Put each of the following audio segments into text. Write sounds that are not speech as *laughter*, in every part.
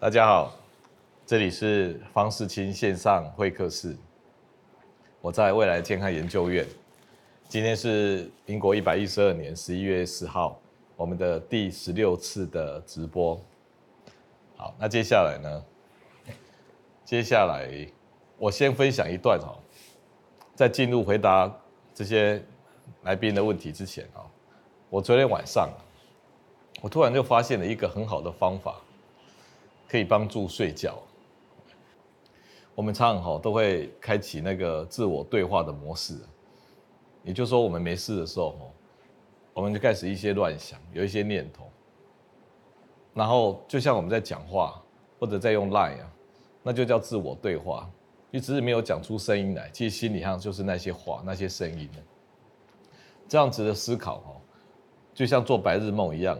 大家好，這裡是方識欽線上會客室，我在未來健康研究院，今天是民國一百一十二年十一月十號，我們的第十六次的直播。好，那接下來呢？接下來我先分享一段哈，在進入回答這些來賓的問題之前哈，我昨天晚上我突然就發現了一個很好的方法。可以幫助睡覺。我們常常吼都會開啟那個自我對話的模式，也就是說，我們沒事的時候吼，我們就開始一些亂想，有一些念頭。然後就像我們在講話或者在用 LINE 啊，那就叫自我對話。一直是沒有講出聲音來，其實心理上就是那些話、那些聲音。這樣子的思考就像做白日夢一樣，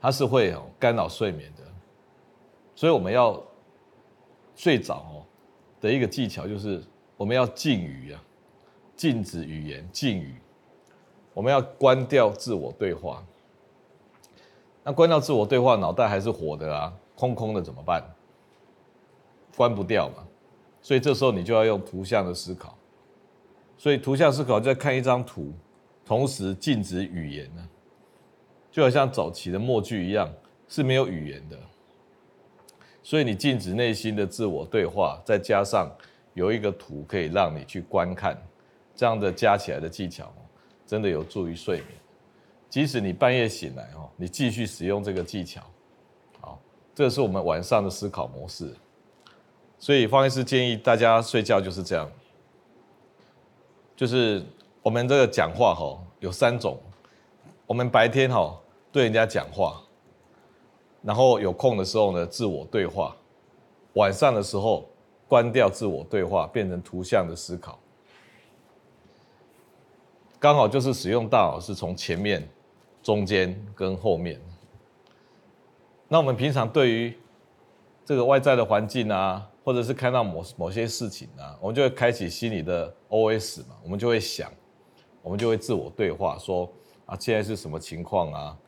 它是會干擾睡眠的。所以我們要最早哦的一個技巧就是，我們要禁語啊，禁止語言，禁語。我們要關掉自我對話。那關掉自我對話，腦袋還是活的啊，空空的怎麼辦？關不掉嘛。所以這時候你就要用圖像的思考。所以圖像思考就在看一張圖，同時禁止語言呢、啊，就好像早期的默劇一樣，是沒有語言的。所以你禁止內心的自我對話，再加上有一個圖可以讓你去觀看，這樣的加起來的技巧，真的有助於睡眠。即使你半夜醒來哦，你繼續使用這個技巧，好，這是我們晚上的思考模式。所以方醫師建議大家睡覺就是這樣，就是我們這個講話哈，有三種，我們白天哈對人家講話。然後有空的時候呢，自我對話；晚上的時候，關掉自我對話，變成圖像的思考。剛好就是使用大腦是從前面、中間跟後面。那我們平常對於這個外在的環境啊，或者是看到某某些事情啊，我們就會開啟心裡的 OS 嘛，我們就會想，我們就會自我對話，說啊，現在是什麼情況啊？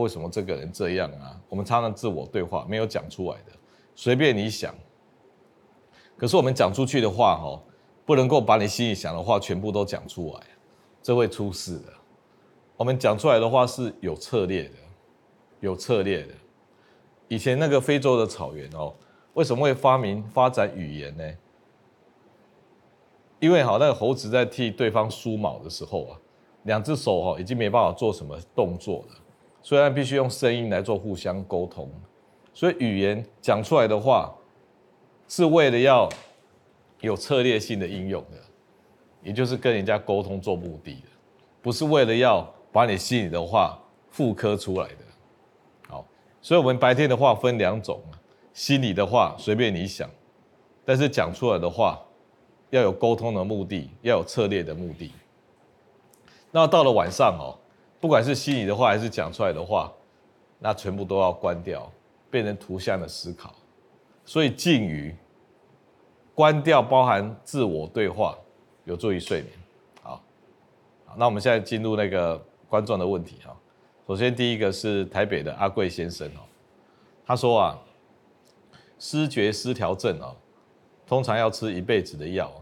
為什麼這個人這樣啊？我們常常自我對話，沒有講出來的，隨便你想。可是我們講出去的話，哦，不能夠把你心裡想的話全部都講出來，這會出事的。我們講出來的話是有策略的，有策略的。以前那個非洲的草原哦，為什麼會發明發展語言呢？因為哈，那個猴子在替對方梳毛的時候啊，兩隻手哦，已經沒辦法做什麼動作了。雖然必須用聲音來做互相溝通，所以語言講出來的話是為了要有策略性的應用的，也就是跟人家溝通做目的，不是為了要把你心裡的話複刻出來的。好，所以我們白天的話分兩種，心裡的話隨便你想，但是講出來的話要有溝通的目的，要有策略的目的。那到了晚上哦。不管是心裡的話還是講出來的話，那全部都要關掉，變成圖像的思考。所以禁語，關掉包含自我對話，有助於睡眠。好，好，那我們現在進入那個觀眾的問題哈。首先第一個是台北的阿貴先生哦，他說啊，思覺失調症哦，通常要吃一輩子的藥，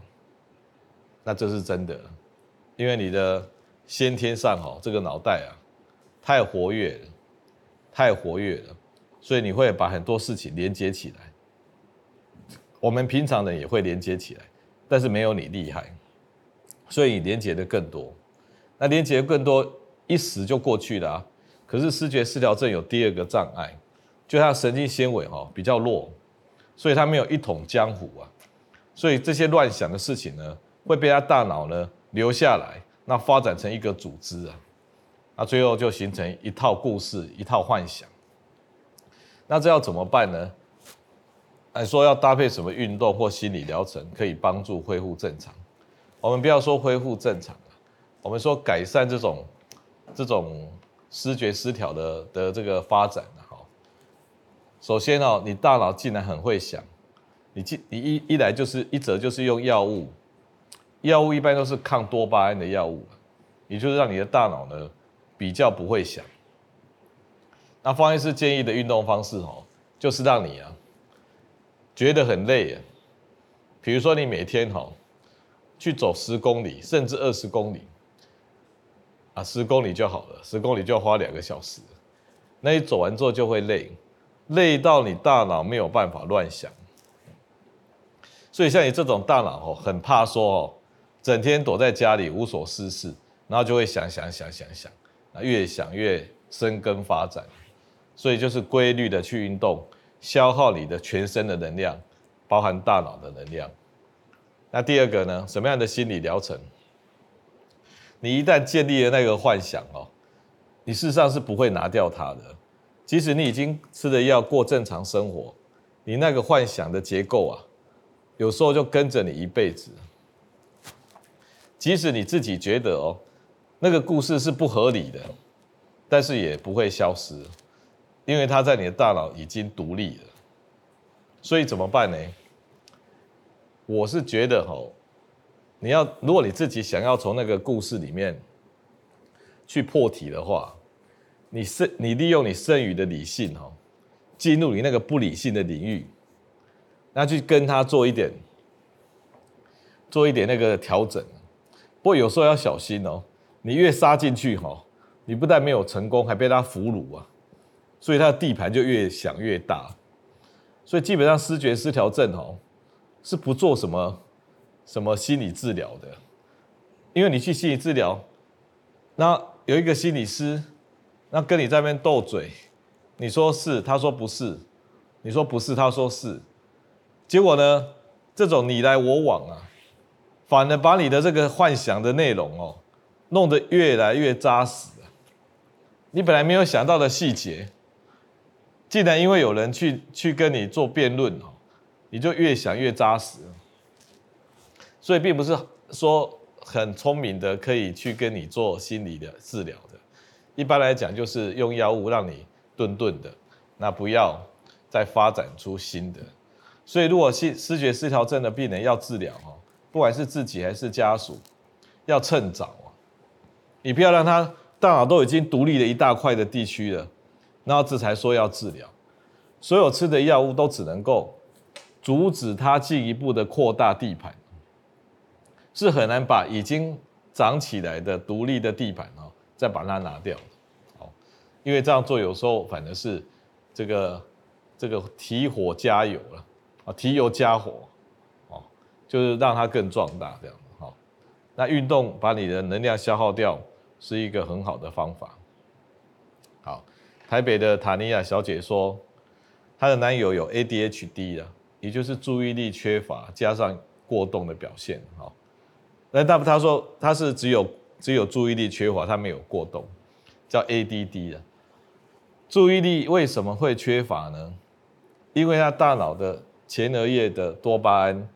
那這是真的，因為你的。先天上哦，這個腦袋啊，太活躍了，太活躍了，所以你會把很多事情連接起來。我們平常人也會連接起來，但是沒有你厲害，所以你連接的更多。那連接的更多，一時就過去了啊。可是思覺失調症有第二個障礙，就他神經纖維哦比較弱，所以他沒有一統江湖啊。所以這些亂想的事情呢，會被他大腦呢留下來。那發展成一個組織啊，那最後就形成一套故事、一套幻想。那這要怎麼辦呢？哎，說要搭配什麼運動或心理療程，可以幫助恢復正常。我們不要說恢復正常啊，我們說改善這種這種思覺失調的的這個發展啊。哈，首先哦，你大腦竟然很會想，你既，你一一來就是一則就是用藥物。藥物一般都是抗多巴胺的藥物，也就是讓你的大腦呢比較不會想。那方醫師建議的運動方式哦，就是讓你啊覺得很累啊。比如說你每天哦去走十公里，甚至二十公里啊，十公里就好了，十公里就要花兩個小時。那你走完之後就會累，累到你大腦沒有辦法亂想。所以像你這種大腦哦，很怕說哦。整天躲在家裡無所事事，然後就會想想想想想，越想越生根發展，所以就是規律的去運動，消耗你的全身的能量，包含大腦的能量。那第二個呢？什麼樣的心理療程？你一旦建立了那個幻想哦，你事實上是不會拿掉它的。即使你已經吃了藥過正常生活，你那個幻想的結構啊，有時候就跟着你一輩子。即使你自己覺得哦，那個故事是不合理的，但是也不會消失，因為它在你的大腦已經獨立了。所以怎麼辦呢？我是覺得哈、哦，你要，如果你自己想要從那個故事裡面去破題的話，你剩你利用你剩餘的理性哈、哦，進入你那個不理性的領域，那去跟他做一點，做一點那個調整。不過有時候要小心哦，你越殺進去哈、哦，你不但沒有成功，還被他俘虜啊，所以他的地盤就越想越大，所以基本上思覺失調症哦，是不做什麼什麼心理治療的，因為你去心理治療，那有一個心理師，那跟你在那邊鬥嘴，你說是，他說不是，你說不是，他說是，結果呢，這種你來我往啊。反而把你的這個幻想的內容哦，弄得越來越扎實。你本來沒有想到的細節，竟然因為有人去去跟你做辯論哦，你就越想越扎實。所以並不是說很聰明的可以去跟你做心理的治療的。一般來講就是用藥物讓你頓頓的，那不要再發展出新的。所以如果視思覺失調症的病人要治療哦，不管是自己還是家屬，要趁早啊！你不要讓他大腦都已經獨立了一大塊的地區了，然後這才說要治療。所有吃的藥物都只能夠阻止他進一步的擴大地盤，是很難把已經長起來的獨立的地盤哦，再把它拿掉。因為這樣做有時候反而是這個這個提火加油了啊，提油加火。就是讓它更壯大這樣子，那運動把你的能量消耗掉是一個很好的方法。好，台北的塔尼亞小姐說，她的男友有 ADHD 啊，也就是注意力缺乏加上過動的表現。好，那大夫她說她是只有只有注意力缺乏，她沒有過動，叫 ADD。注意力為什麼會缺乏呢？因為她大腦的前額葉的多巴胺。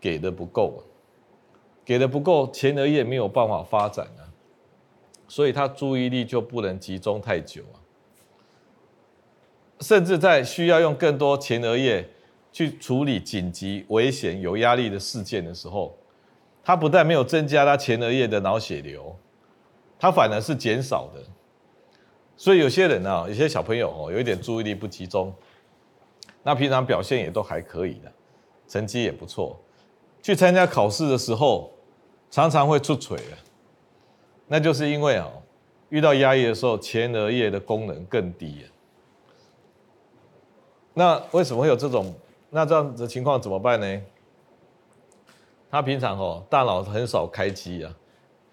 給的不夠啊，給的不夠，前額葉沒有辦法發展啊，所以他注意力就不能集中太久啊。甚至在需要用更多前額葉去處理緊急、危險、有壓力的事件的時候，他不但沒有增加他前額葉的腦血流，他反而是減少的。所以有些人啊，有些小朋友哦，有一點注意力不集中，那平常表現也都還可以的，成績也不錯。去參加考試的時候，常常會出槌、啊、那就是因為啊、哦，遇到壓抑的時候，前額葉的功能更低、啊、那為什麼會有這種那這樣子的情況？怎麼辦呢？他平常哦，大腦很少開機啊，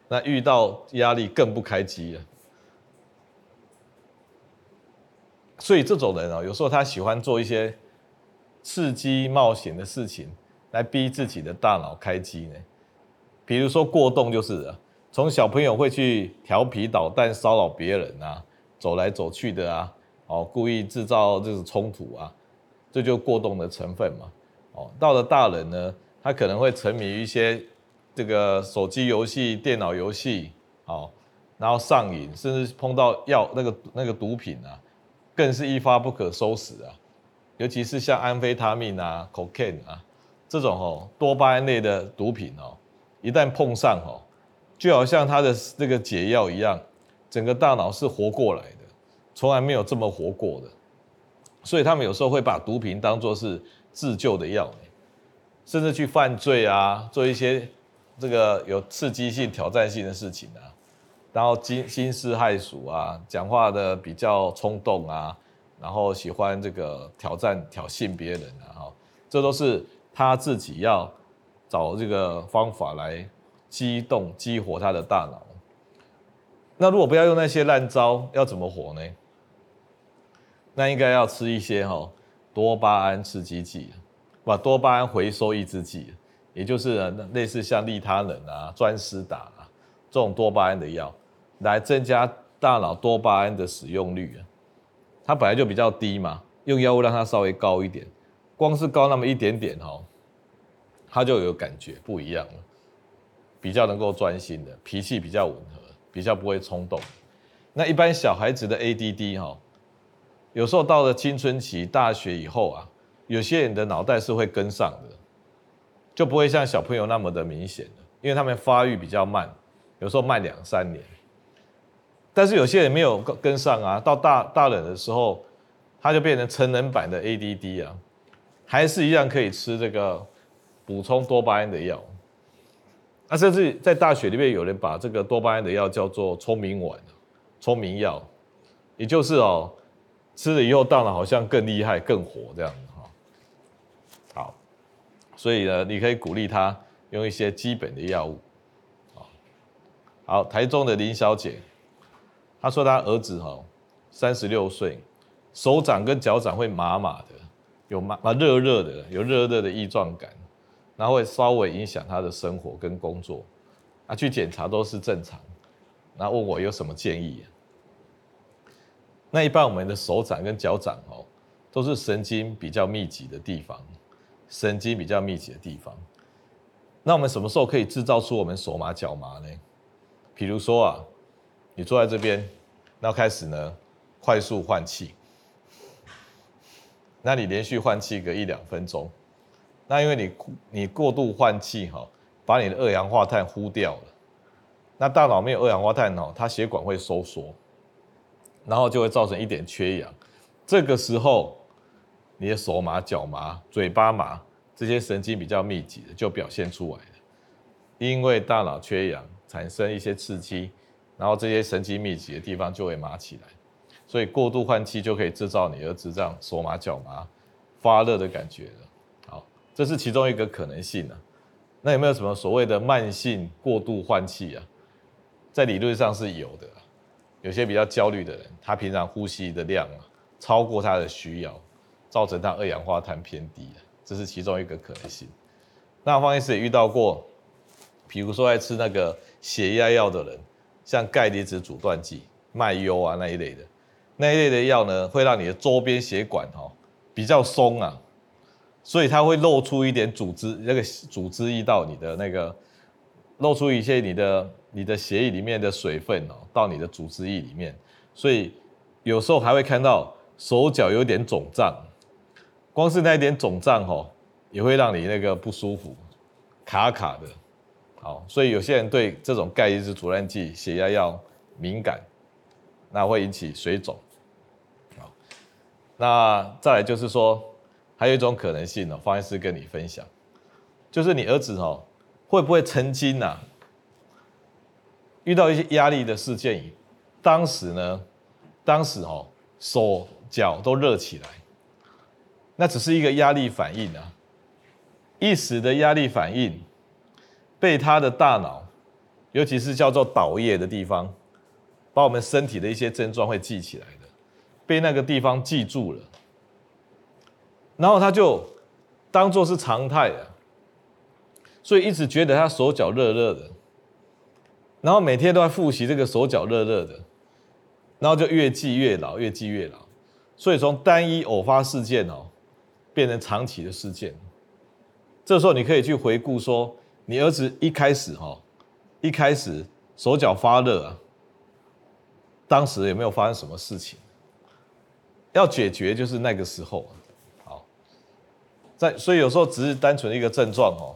那遇到壓力更不開機啊。所以這種人啊，有時候他喜歡做一些刺激冒險的事情。來逼自己的大腦開機呢？比如說過動，就是從小朋友會去調皮搗蛋、騷擾別人啊，走來走去的啊，哦，故意製造這種衝突啊，這就過動的成分嘛。哦，到了大人呢，他可能會沉迷於一些這個手機遊戲、電腦遊戲，哦，然後上癮，甚至碰到藥那個那個毒品啊，更是一發不可收拾啊。尤其是像安非他命啊、cocaine 啊。這種哦，多巴胺類的毒品哦，一旦碰上哦，就好像它的這個解藥一樣，整個大腦是活過來的，從來沒有這麼活過的。所以他們有時候會把毒品當作是自救的藥，甚至去犯罪啊，做一些這個有刺激性、挑戰性的事情啊。然後驚驚世駭俗啊，講話的比較衝動啊，然後喜歡這個挑戰、挑釁別人啊，這都是。他自己要找這個方法來激動、激活他的大腦。那如果不要用那些爛招，要怎麼活呢？那應該要吃一些哈多巴胺刺激劑，把多巴胺回收抑制劑，也就是類似像利他能啊、專思達啊這種多巴胺的藥，來增加大腦多巴胺的使用率啊。它本來就比較低嘛，用藥物讓它稍微高一點。光是高那麼一點點哦，他就有感覺不一樣了，比較能夠專心的，脾氣比較溫和，比較不會衝動。那一般小孩子的 ADD 哈，有時候到了青春期、大學以後啊，有些人的腦袋是會跟上的，就不會像小朋友那麼的明顯，因為他們發育比較慢，有時候慢兩三年。但是有些人沒有跟跟上啊，到大大人的時候，他就變成成人版的 ADD 啊。還是一樣可以吃這個補充多巴胺的藥，那、啊、甚至在大學裡面有人把這個多巴胺的藥叫做“聰明丸”、“聰明藥”，也就是哦吃了以後，大腦好像更厲害、更活這樣子哈。好，所以呢，你可以鼓勵他用一些基本的藥物。好，台中的林小姐她說，她兒子哈三十六歲，手掌跟腳掌會麻麻的。有麻麻熱熱的，有熱熱的異狀感，然後會稍微影響他的生活跟工作，啊，去檢查都是正常，那問我有什麼建議啊？那一般我們的手掌跟腳掌哦、喔，都是神經比較密集的地方，神經比較密集的地方，那我們什麼時候可以製造出我們手麻腳麻呢？譬如說啊，你坐在這邊，那開始呢，快速換氣。那你連續換氣個一兩分鐘，那因為你你過度換氣哈，把你的二氧化碳呼掉了，那大腦沒有二氧化碳哦，它血管會收縮，然後就會造成一點缺氧，這個時候你的手麻、腳麻、嘴巴麻，這些神經比較密集的就表現出來了，因為大腦缺氧產生一些刺激，然後這些神經密集的地方就會麻起來。所以過度換氣就可以制造你兒子這樣，手麻、腳麻、發熱的感覺了。好，這是其中一個可能性了、啊。那有沒有什麼所謂的慢性過度換氣啊？在理論上是有的、啊。有些比較焦慮的人，他平常呼吸的量啊超過他的需要，造成他二氧化碳偏低、啊，這是其中一個可能性。那我方醫師也遇到過，比如說愛吃那個血壓藥的人，像鈣離子阻斷劑、脈優啊那一類的。那一類的藥呢，會讓你的周邊血管哈、喔、比較鬆啊，所以它會漏出一點組織，那個組織液到你的那個漏出一些你的你的血液裡面的水分哦、喔，到你的組織液裡面，所以有時候還會看到手腳有點腫脹，光是那一點腫脹哦也會讓你那個不舒服，卡卡的，好，所以有些人對這種鈣離子阻斷劑血壓藥敏感，那會引起水腫。那再來就是說，還有一種可能性呢、喔，方醫師跟你分享，就是你兒子哦、喔，會不會曾經吶、啊、遇到一些壓力的事件，當時呢，當時哦、喔，手腳都熱起來，那只是一個壓力反應啊，一時的壓力反應，被他的大腦，尤其是叫做島葉的地方，把我們身體的一些症狀會記起來。被那個地方記住了，然後他就當做是常態啊，所以一直覺得他手腳熱熱的，然後每天都在複習這個手腳熱熱的，然後就越記越牢，越記越牢。所以從單一偶發事件哦，變成長期的事件。這時候你可以去回顧說，你兒子一開始哈、哦，一開始手腳發熱啊，當時有沒有發生什麼事情？要解決就是那個時候，好，在所以有時候只是單純的一個症狀哦，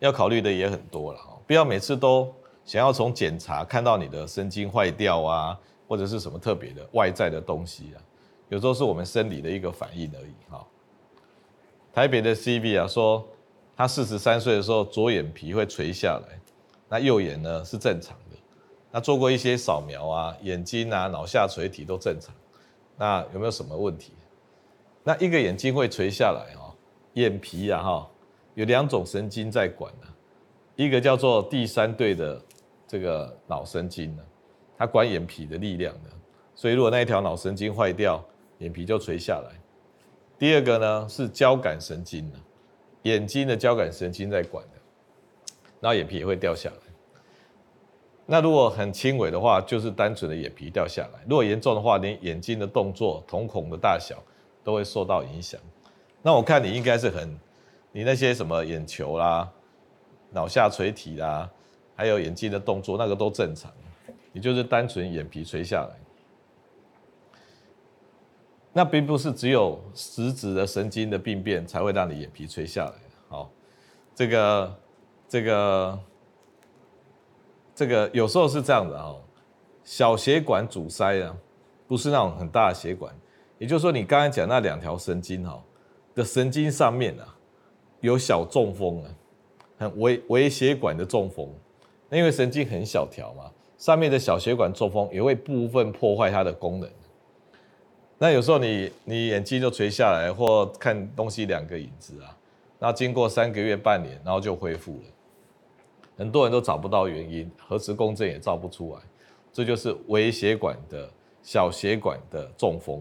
要考慮的也很多了哈，不要每次都想要從檢查看到你的神經壞掉啊，或者是什麼特別的外在的東西啊，有時候是我們生理的一個反應而已哈。台北的 CB 啊說，他四十三歲的時候左眼皮會垂下來，那右眼呢是正常的，那做過一些掃描啊，眼睛啊、腦下垂體都正常。那有沒有什麼問題？那一個眼睛會垂下來哦，眼皮、呀、啊、哈，有兩種神經在管呢，一個叫做第三對的這個腦神經呢，它管眼皮的力量呢，所以如果那一條腦神經壞掉，眼皮就垂下來。第二個呢，是交感神經呢，眼睛的交感神經在管的，然後眼皮也會掉下來。那如果很輕微的話，就是單純的眼皮掉下來；如果嚴重的話，連眼睛的動作、瞳孔的大小都會受到影響。那我看你應該是很，你那些什麼眼球啦、啊、腦下垂體啦、啊，還有眼睛的動作，那個都正常。你就是單純眼皮垂下來。那並不是只有食指的神經的病變才會讓你眼皮垂下來。好，這個這個。這個有時候是這樣的哦，小血管阻塞啊，不是那種很大的血管，也就是說你剛才講那兩條神經哈、哦、的神經上面啊，有小中風啊，很微微血管的中風，那因為神經很小條嘛，上面的小血管中風也會部分破壞它的功能。那有時候你你眼睛就垂下來或看東西兩個影子啊，那經過三個月半年，然後就恢復了。很多人都找不到原因，核磁共振也照不出來，這就是微血管的小血管的中風，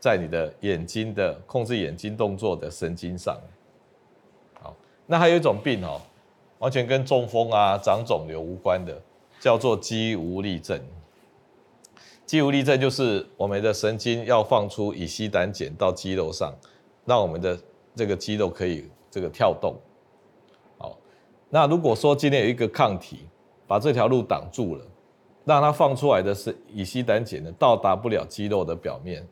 在你的眼睛的控制眼睛動作的神經上。好，那還有一種病哦，完全跟中風啊、長腫瘤無關的，叫做肌無力症。肌無力症就是我們的神經要放出乙醯膽鹼到肌肉上，讓我們的這個肌肉可以這個跳動。那如果說今天有一個抗體把這條路擋住了，那它放出來的是乙醯膽鹼的，到達不了肌肉的表面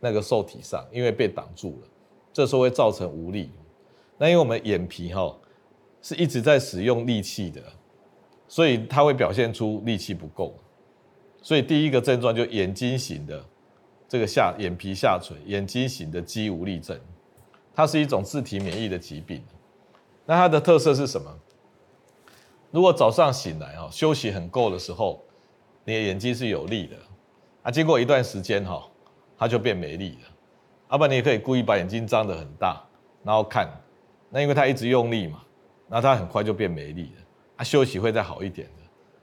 那個受體上，因為被擋住了，這時候會造成無力。那因為我們眼皮哈是一直在使用力氣的，所以它會表現出力氣不夠，所以第一個症狀就眼睛型的這個下眼皮下垂，眼睛型的肌無力症，它是一種自體免疫的疾病。那它的特色是什麼？如果早上醒來哦，休息很夠的時候，你的眼睛是有力的啊。經過一段時間哈，它就變沒力了。啊，不然你也可以故意把眼睛張得很大，然後看，那因為它一直用力嘛，那它很快就變沒力了啊。休息會再好一點的。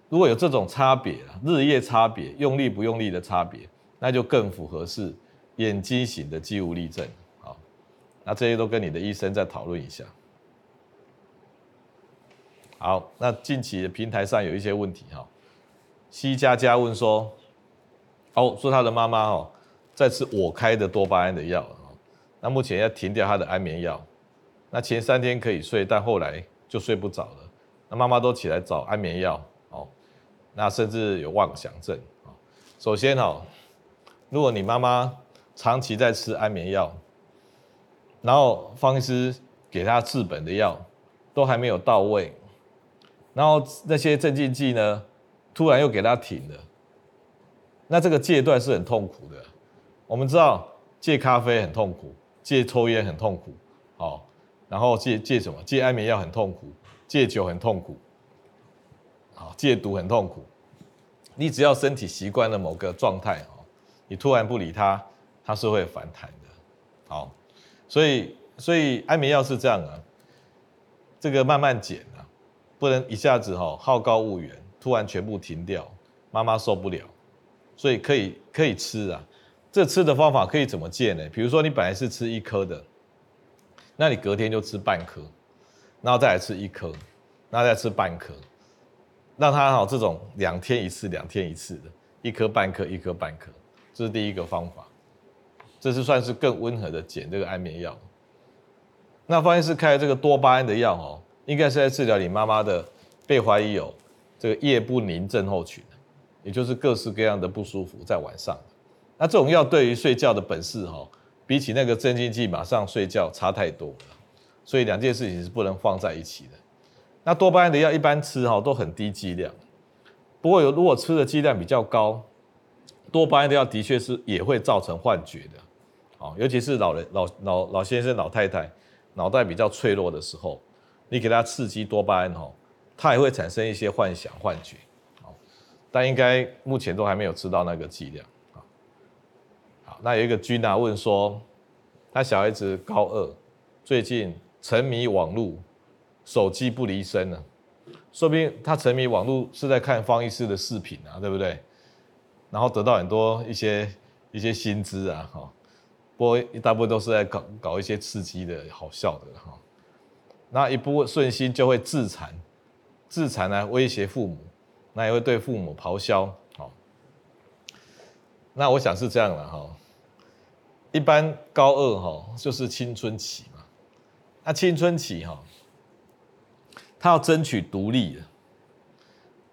如果有這種差別，日夜差別，用力不用力的差別，那就更符合是眼肌型的肌無力症啊。那這些都跟你的醫生再討論一下。好，那近期的平台上有一些問題哈。西家家問說：“哦，說他的媽媽哦，在吃我開的多巴胺的藥，那目前要停掉他的安眠藥，那前三天可以睡，但後來就睡不着了。那媽媽都起來找安眠藥哦，那甚至有妄想症。首先哦，如果你媽媽長期在吃安眠藥，然後方醫師給他治本的藥都還沒有到位。”然後那些鎮靜劑呢，突然又給他停了，那這個戒斷是很痛苦的。我們知道戒咖啡很痛苦，戒抽菸很痛苦，好、哦，然後戒戒什麼？戒安眠藥很痛苦，戒酒很痛苦，好、哦，戒毒很痛苦。你只要身體習慣了某個狀態，哦，你突然不理他，他是會反彈的。好、哦，所以所以安眠藥是這樣啊，這個慢慢減。不能一下子哈好高騖遠，突然全部停掉，媽媽受不了，所以可以可以吃啊。這吃的方法可以怎麼減呢？比如說你本來是吃一顆的，那你隔天就吃半顆，然後再來吃一顆，那再吃半顆，讓它好這種兩天一次，兩天一次的一顆半顆，一顆半顆，一顆半顆，這是第一個方法。這是算是更溫和的減這個安眠藥。那方醫師開這個多巴胺的藥哦。應該是在治療你媽媽的被懷疑有這個夜不寧症候群，也就是各式各樣的不舒服在晚上。那這種藥對於睡覺的本事哈，比起那個鎮靜劑馬上睡覺差太多了，所以兩件事情是不能放在一起的。那多巴胺的藥一般吃哈都很低劑量，不過有如果吃的劑量比較高，多巴胺的藥的確是也會造成幻覺的，尤其是老人、老老老先生、老太太，腦袋比較脆弱的時候。你給他刺激多巴胺哦，他也會產生一些幻想、幻覺，但應該目前都還沒有知道那個劑量啊。好，那有一個君啊問說，他小孩子高二，最近沉迷網絡，手機不離身呢，說不定他沉迷網絡是在看方醫師的視頻啊，對不對？然後得到很多一些一些新知啊，哈，不過大部分都是在搞搞一些刺激的、好笑的，哈。那一不順心就會自殘，自殘來威脅父母，那也會對父母咆哮。哦，那我想是這樣的哈。一般高二哈就是青春期嘛，那青春期哈，他要爭取獨立，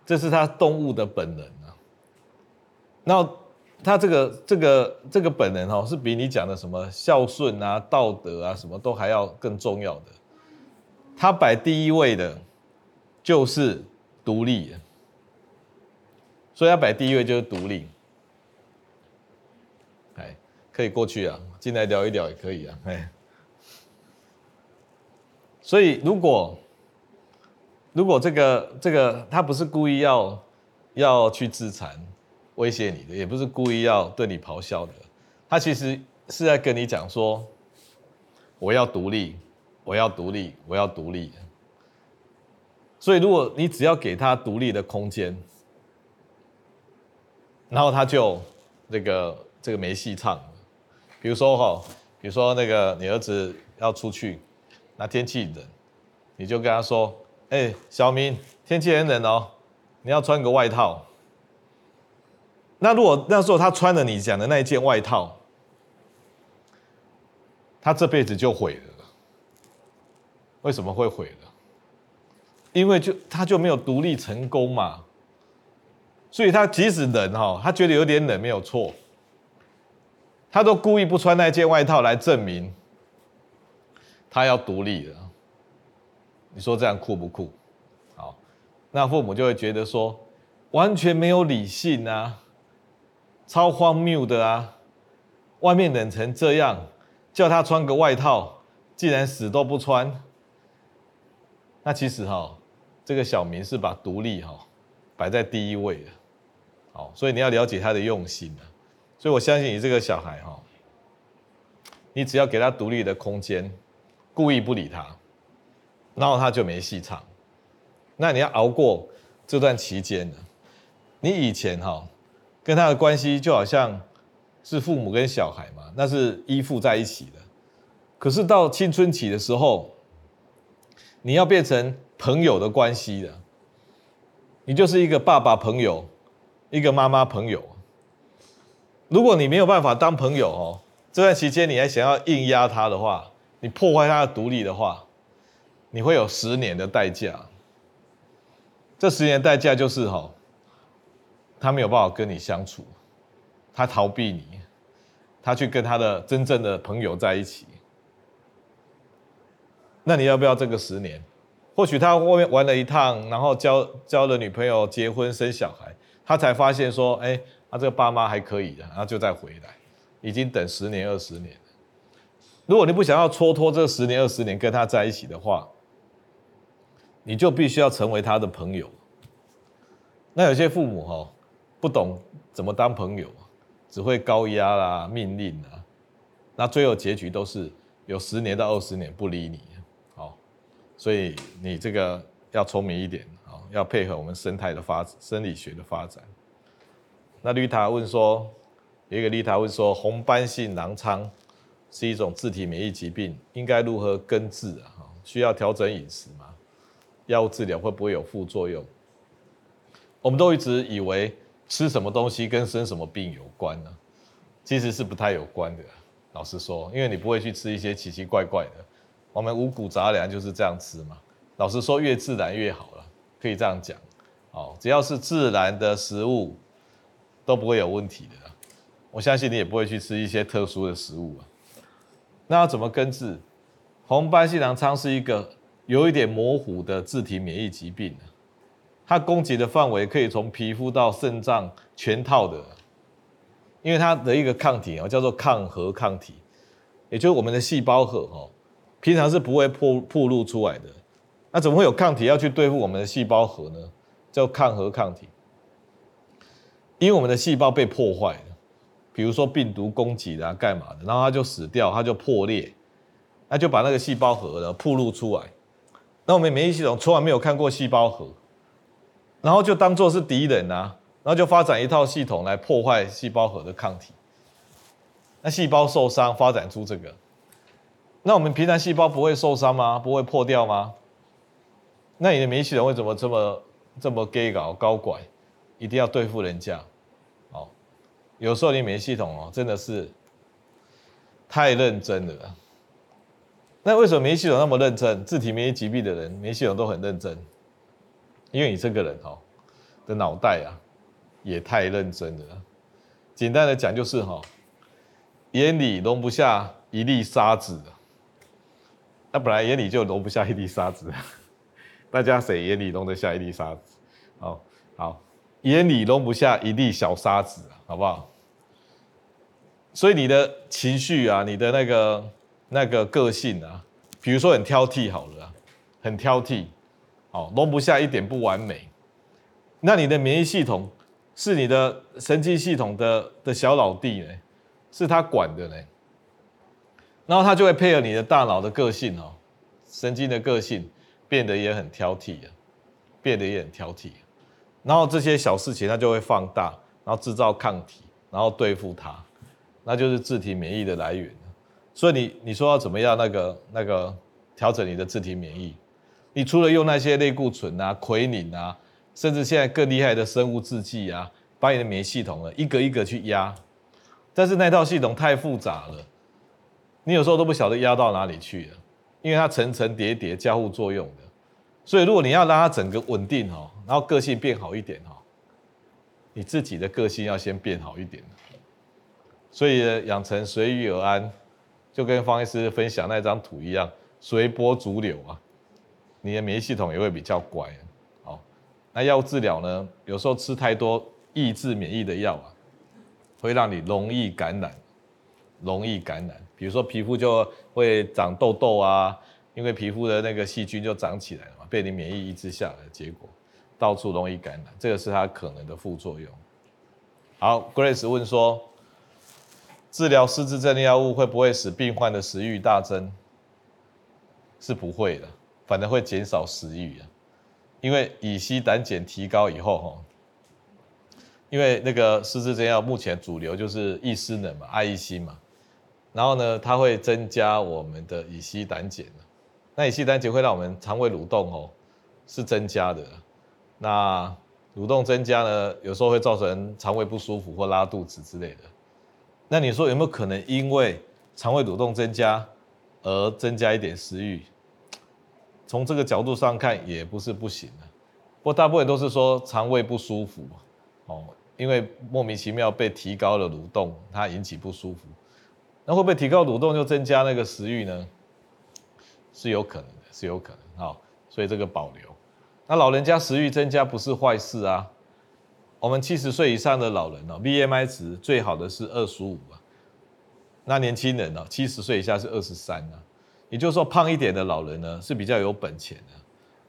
這是他動物的本能啊。那他這個這個這個本能哦，是比你講的什麼孝順啊、道德啊，什麼都還要更重要的。他擺第一位的，就是獨立，所以他擺第一位就是獨立。哎，可以過去啊，進來聊一聊也可以啊。哎，所以如果如果這個這個他不是故意要要去自殘、威脅你的，也不是故意要對你咆哮的，他其實是在跟你講說，我要獨立。我要獨立，我要獨立。所以，如果你只要給他獨立的空間，然後他就那個這個沒戲唱。比如說哈，比如說那個你兒子要出去，那天氣冷，你就跟他說：“哎、欸，小明，天氣很冷哦，你要穿個外套。”那如果那時候他穿了你講的那一件外套，他這輩子就毀了。為什麼會毀了？因為就他就沒有獨立成功嘛，所以他即使冷哈，他覺得有點冷沒有錯，他都故意不穿那件外套來證明，他要獨立了。你說這樣酷不酷？好，那父母就會覺得說完全沒有理性啊，超荒謬的啊！外面冷成這樣，叫他穿個外套，竟然死都不穿。那其實哈，這個小明是把獨立哈擺在第一位的，好，所以你要了解他的用心。所以我相信你這個小孩哈，你只要給他獨立的空間，故意不理他，然後他就沒戲唱。那你要熬過這段期間了。你以前哈跟他的關係就好像是父母跟小孩嘛，那是依附在一起的。可是到青春期的時候，你要變成朋友的關係的，你就是一個爸爸朋友，一個媽媽朋友。如果你沒有辦法當朋友哦，這段期間你還想要硬壓他的話，你破壞他的獨立的話，你會有十年的代價。這十年代價就是哈，他沒有辦法跟你相處，他逃避你，他去跟他的真正的朋友在一起。那你要不要這個十年？或許他外面玩了一趟，然後交交了女朋友，結婚生小孩，他才發現說，哎、欸，他這個爸媽還可以的，然後就再回來，已經等十年二十年。如果你不想要蹉跎這十年二十年跟他在一起的話，你就必須要成為他的朋友。那有些父母哈，不懂怎麼當朋友，只會高壓啦、命令啦，那最後結局都是有十年到二十年不理你。所以你這個要聰明一點啊，要配合我們生態的發生理學的發展。那麗塔問說，有一個麗塔問說，紅斑性狼瘡是一種自體免疫疾病，應該如何根治啊？需要調整飲食嗎？藥物治療會不會有副作用？我們都一直以為吃什麼東西跟生什麼病有關呢啊，其實是不太有關的，老實說，因為你不會去吃一些奇奇怪怪的。我們五穀雜糧就是這樣吃嘛。老實說，越自然越好了，可以這樣講。哦，只要是自然的食物都不會有問題的。我相信你也不會去吃一些特殊的食物。那要怎麼根治？紅斑性狼瘡是一個有一點模糊的自體免疫疾病。它攻擊的範圍可以從皮膚到腎臟全套的，因為它的一個抗體啊叫做抗核抗體，也就是我們的細胞核哦。平常是不會暴露出來的，那怎麼會有抗體要去對付我們的細胞核呢？叫抗核抗體，因為我們的細胞被破壞了，比如說病毒攻擊了幹嘛的，然後它就死掉，它就破裂，那就把那個細胞核呢，暴露出來，那我們免疫系統從來沒有看過細胞核，然後就當做是敵人啊，然後就發展一套系統來破壞細胞核的抗體，那細胞受傷發展出這個。那我們平常細胞不會受傷嗎？不會破掉嗎？那你的免疫系統為什麼這麼這麼 gay 搞高拐，一定要對付人家？哦，有時候你免疫系統哦真的是太認真了。那為什麼免疫系統那麼認真？自體免疫疾病的人，免疫系統都很認真，因為你這個人哦的腦袋啊也太認真了。簡單的講就是哈、哦，眼裡容不下一粒沙子。那本來眼裡就容不下一粒沙子，大家誰眼裡容得下一粒沙子，哦，好，眼裡容不下一粒小沙子，好不好？所以你的情緒啊，你的那個那個個性啊，比如說很挑剔好了，啊，很挑剔，好，哦，容不下一點不完美，那你的免疫系統是你的神經系統的的小老弟呢，是他管的呢。然後它就會配合你的大腦的個性哦，神經的個性變得也很挑剔啊，變得也很挑剔。然後這些小事情它就會放大，然後制造抗體，然後對付它，那就是自體免疫的來源。所以你你說要怎麼樣那個那個調整你的自體免疫？你除了用那些類固醇啊、奎寧啊，甚至現在更厲害的生物製劑啊，把你的免疫系統呢一個一個去壓，但是那套系統太複雜了。你有時候都不曉得壓到哪裡去了，因為它層層疊疊交互作用的，所以如果你要讓它整個穩定哈，然後個性變好一點哈，你自己的個性要先變好一點。所以養成隨遇而安，就跟方醫師分享那張圖一樣，隨波逐流啊，你的免疫系統也會比較乖。那藥物治療呢，有時候吃太多抑制免疫的藥啊，會讓你容易感染，容易感染。比如說皮膚就會長痘痘啊，因為皮膚的那個細菌就長起來了嘛，被你免疫抑制下來，結果到處容易感染，這個是它可能的副作用。好，Grace 問說，治療失智症的藥物會不會使病患的食慾大增？是不會的，反而會減少食慾啊，因為乙醯膽鹼提高以後哈，因為那個失智症藥目前主流就是憶思能嘛，艾易西嘛。然後呢，它會增加我們的乙醯膽鹼。那乙醯膽鹼會讓我們腸胃蠕動哦，是增加的。那蠕動增加呢，有時候會造成腸胃不舒服或拉肚子之類的。那你說有沒有可能因為腸胃蠕動增加而增加一點食欲？從這個角度上看也不是不行啊。不過大部分都是說腸胃不舒服哦，因為莫名其妙被提高了蠕動，它引起不舒服。那會不會提高蠕動就增加那個食欲呢？是有可能的，是有可能。好，所以這個保留。那老人家食欲增加不是壞事啊。我們七十歲以上的老人呢、哦，BMI 值最好的是二十五啊。那年輕人呢、哦，七十歲以下是二十三啊。也就是說，胖一點的老人呢是比較有本錢的。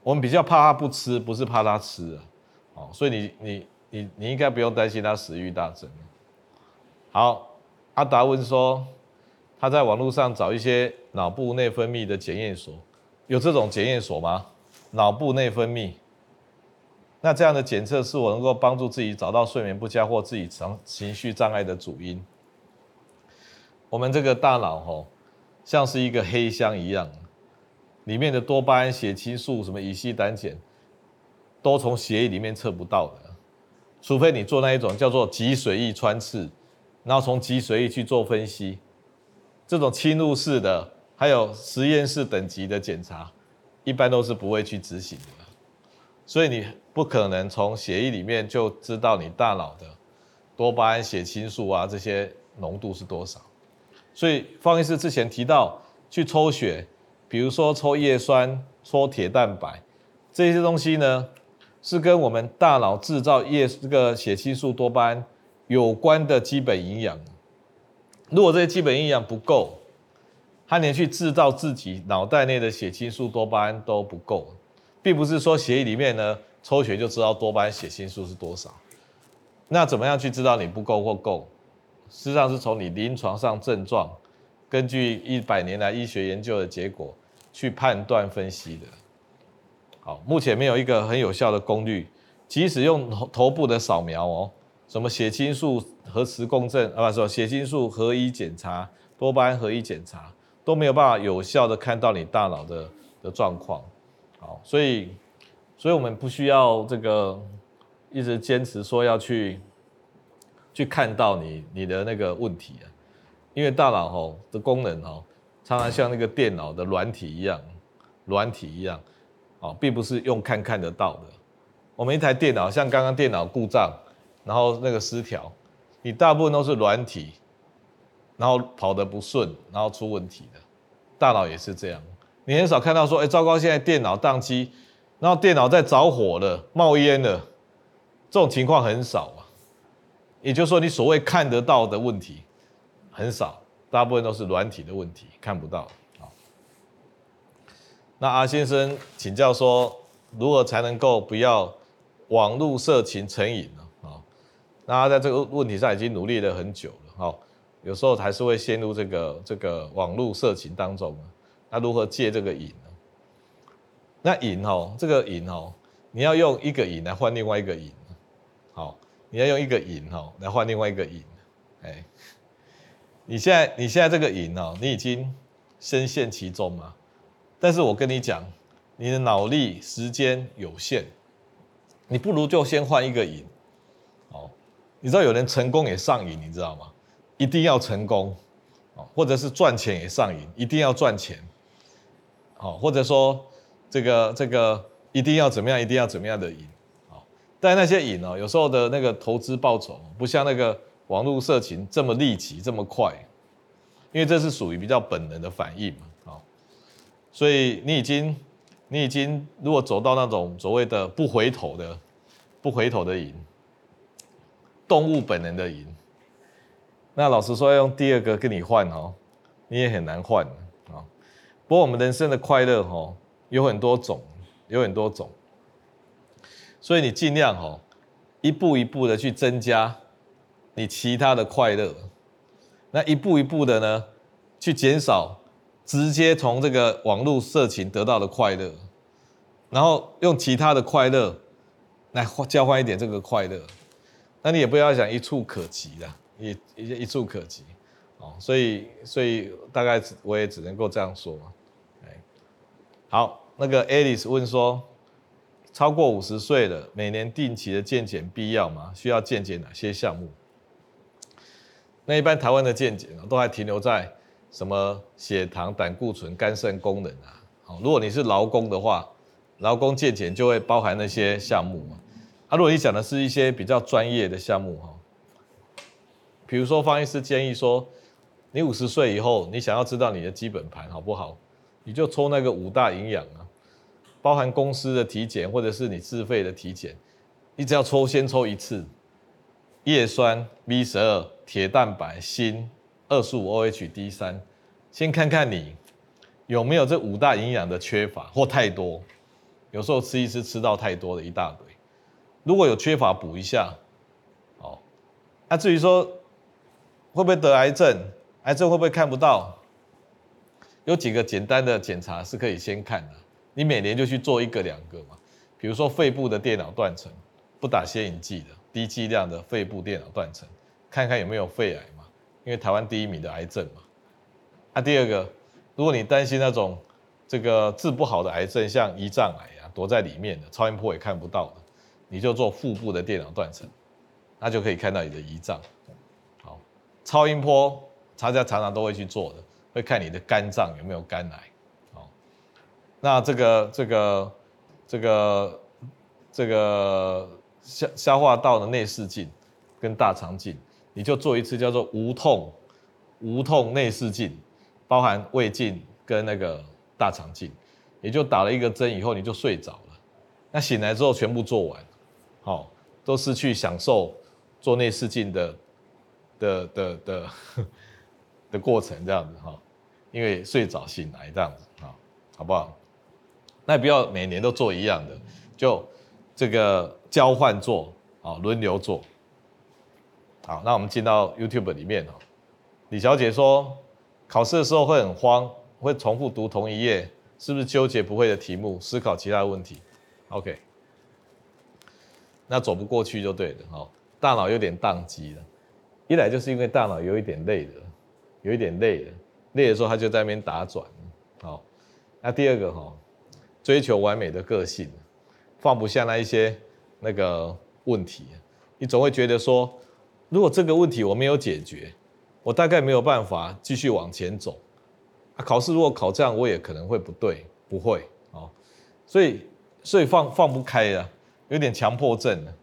我們比較怕他不吃，不是怕他吃啊。哦，所以你你你你應該不用擔心他食欲大增。好，阿達問說。他在網絡上找一些腦部內分泌的檢驗所，有這種檢驗所嗎？腦部內分泌，那這樣的檢測是我能夠幫助自己找到睡眠不佳或自己情情緒障礙的主因？我們這個大腦齁，像是一個黑箱一樣，裡面的多巴胺、血清素、什麼乙醯膽鹼，都從血液裡面測不到的，除非你做那一種叫做脊髓液穿刺，然後從脊髓液去做分析。這種侵入式的，還有實驗室等級的檢查，一般都是不會去執行的。所以你不可能從血液裡面就知道你大腦的多巴胺、血清素啊這些濃度是多少。所以方醫師之前提到去抽血，比如說抽葉酸、抽鐵蛋白這些東西呢，是跟我們大腦製造葉這個血清素、多巴胺有關的基本營養。如果這些基本營養不夠，他連去製造自己腦袋內的血清素、多巴胺都不夠，並不是說血液裡面呢抽血就知道多巴胺、血清素是多少。那怎麼樣去知道你不夠或夠？事實上是從你臨床上症狀，根據一百年來醫學研究的結果去判斷分析的。好，目前沒有一個很有效的功率，即使用頭頭部的掃描哦。什麼血清素核磁共振啊，不是血清素核醫檢查，多巴胺核醫檢查都沒有辦法有效的看到你大腦的的狀況。好，所以，所以我們不需要這個一直堅持說要去去看到你你的那個問題啊，因為大腦吼，哦，的功能哦，常常像那個電腦的軟體一樣，軟體一樣，哦，並不是用看看得到的。我們一台電腦，像剛剛電腦故障。然後那個失調，你大部分都是軟體，然後跑得不順，然後出問題的。大腦也是這樣，你很少看到說，哎，糟糕，現在電腦宕機，然後電腦在着火了，冒煙了，這種情況很少啊。也就是說，你所謂看得到的問題很少，大部分都是軟體的問題，看不到。那阿先生請教說，如何才能夠不要網路色情成癮呢？那在這個問題上已經努力了很久了，好，有時候還是會陷入這個這個網路色情當中。那如何戒這個癮呢？那癮哦，這個癮哦，你要用一個癮來換另外一個癮，好，你要用一個癮哦來換另外一個癮。哎，你現在你現在這個癮哦，你已經深陷其中了。但是我跟你講，你的腦力時間有限，你不如就先換一個癮。你知道有人成功也上癮，你知道嗎？一定要成功，哦，或者是賺錢也上癮，一定要賺錢，哦，或者說這個這個一定要怎麼樣，一定要怎麼樣的癮，哦。但那些癮有時候的那個投資報酬不像那個網絡色情這麼立即這麼快，因為這是屬於比較本能的反應嘛，哦。所以你已經你已經如果走到那種所謂的不回頭的不回頭的癮。動物本能的癮，那老實說，要用第二個跟你換哦，你也很難換啊。不過我們人生的快樂哦，有很多種，有很多種，所以你盡量哦，一步一步的去增加你其他的快樂，那一步一步的呢，去減少直接從這個網絡色情得到的快樂，然後用其他的快樂來換交換一點這個快樂。那你也不要想一處可及啦，一一一處可及，哦，所以所以大概我也只能夠這樣說嘛，Okay. 好，那個 Alice 問說，超過五十歲了，每年定期的健檢必要嗎？需要健檢哪些項目？那一般台灣的健檢呢，都還停留在什麼血糖、膽固醇、肝腎功能啊？如果你是勞工的話，勞工健檢就會包含那些項目嘛啊，如果你講的是一些比較專業的項目哈，比如說方醫師建議說，你五十歲以後，你想要知道你的基本盤好不好，你就抽那個五大營養啊，包含公司的體檢或者是你自費的體檢，你只要抽先抽一次，葉酸、B 十二、鐵蛋白、鋅、二十五 OH D 三，先看看你有沒有這五大營養的缺乏或太多，有時候吃一吃吃到太多的一大堆。如果有缺乏補一下，哦，那至於說會不會得癌症，癌症會不會看不到？有幾個簡單的檢查是可以先看的，你每年就去做一個兩個嘛。比如說，肺部的電腦斷層，不打顯影劑的低劑量的肺部電腦斷層，看看有沒有肺癌嘛，因為台灣第一名的癌症嘛。那第二個，如果你擔心那種這個治不好的癌症，像胰臟癌啊，躲在裡面的，超音波也看不到的。你就做腹部的電腦斷層，那就可以看到你的胰臟。好，超音波，大家常常都會去做的，會看你的肝臟有沒有肝癌。哦，那這個這個這個這個消消化道的內視鏡跟大腸鏡，你就做一次叫做無痛無痛內視鏡，包含胃鏡跟那個大腸鏡，你就打了一個針以後你就睡着了，那醒來之後全部做完。哦，都是去享受做內視鏡的的的的的，的過程這樣子哈，因為睡著醒來這樣子啊，好不好？那也不要每年都做一樣的，就這個交換做，啊，輪流做。好，那我們進到 YouTube 裡面哦，李小姐說，考試的時候會很慌，會重複讀同一頁，是不是糾結不會的題目，思考其他的問題？OK。那走不過去就對了，哈，大腦有點宕機了，一來就是因為大腦有一點累了，有一點累了，累的時候他就在那邊打轉。好，那第二個哈，追求完美的個性，放不下那一些那個問題，你總會覺得說，如果這個問題我沒有解決，我大概沒有辦法繼續往前走，啊，考試如果考這樣，我也可能會不對，不會，哦，所以所以放放不開呀。有點強迫症了，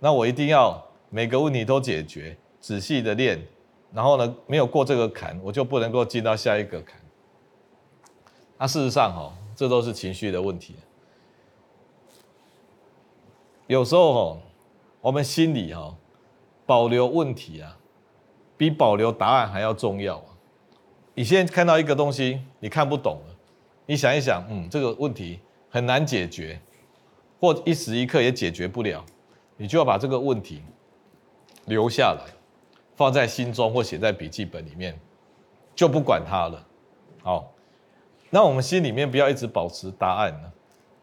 那我一定要每個問題都解決，仔細的練，然後呢，沒有過這個坎，我就不能夠進到下一個坎。那，啊，事實上，哦，這都是情緒的問題。有時候，哦，哈，我們心裡，哦，保留問題啊，比保留答案還要重要啊。你現在看到一個東西，你看不懂了，你想一想，嗯，這個問題很難解決。或一時一刻也解決不了，你就要把這個問題留下來，放在心中或寫在筆記本裡面，就不管它了。好，那我們心裡面不要一直保持答案呢，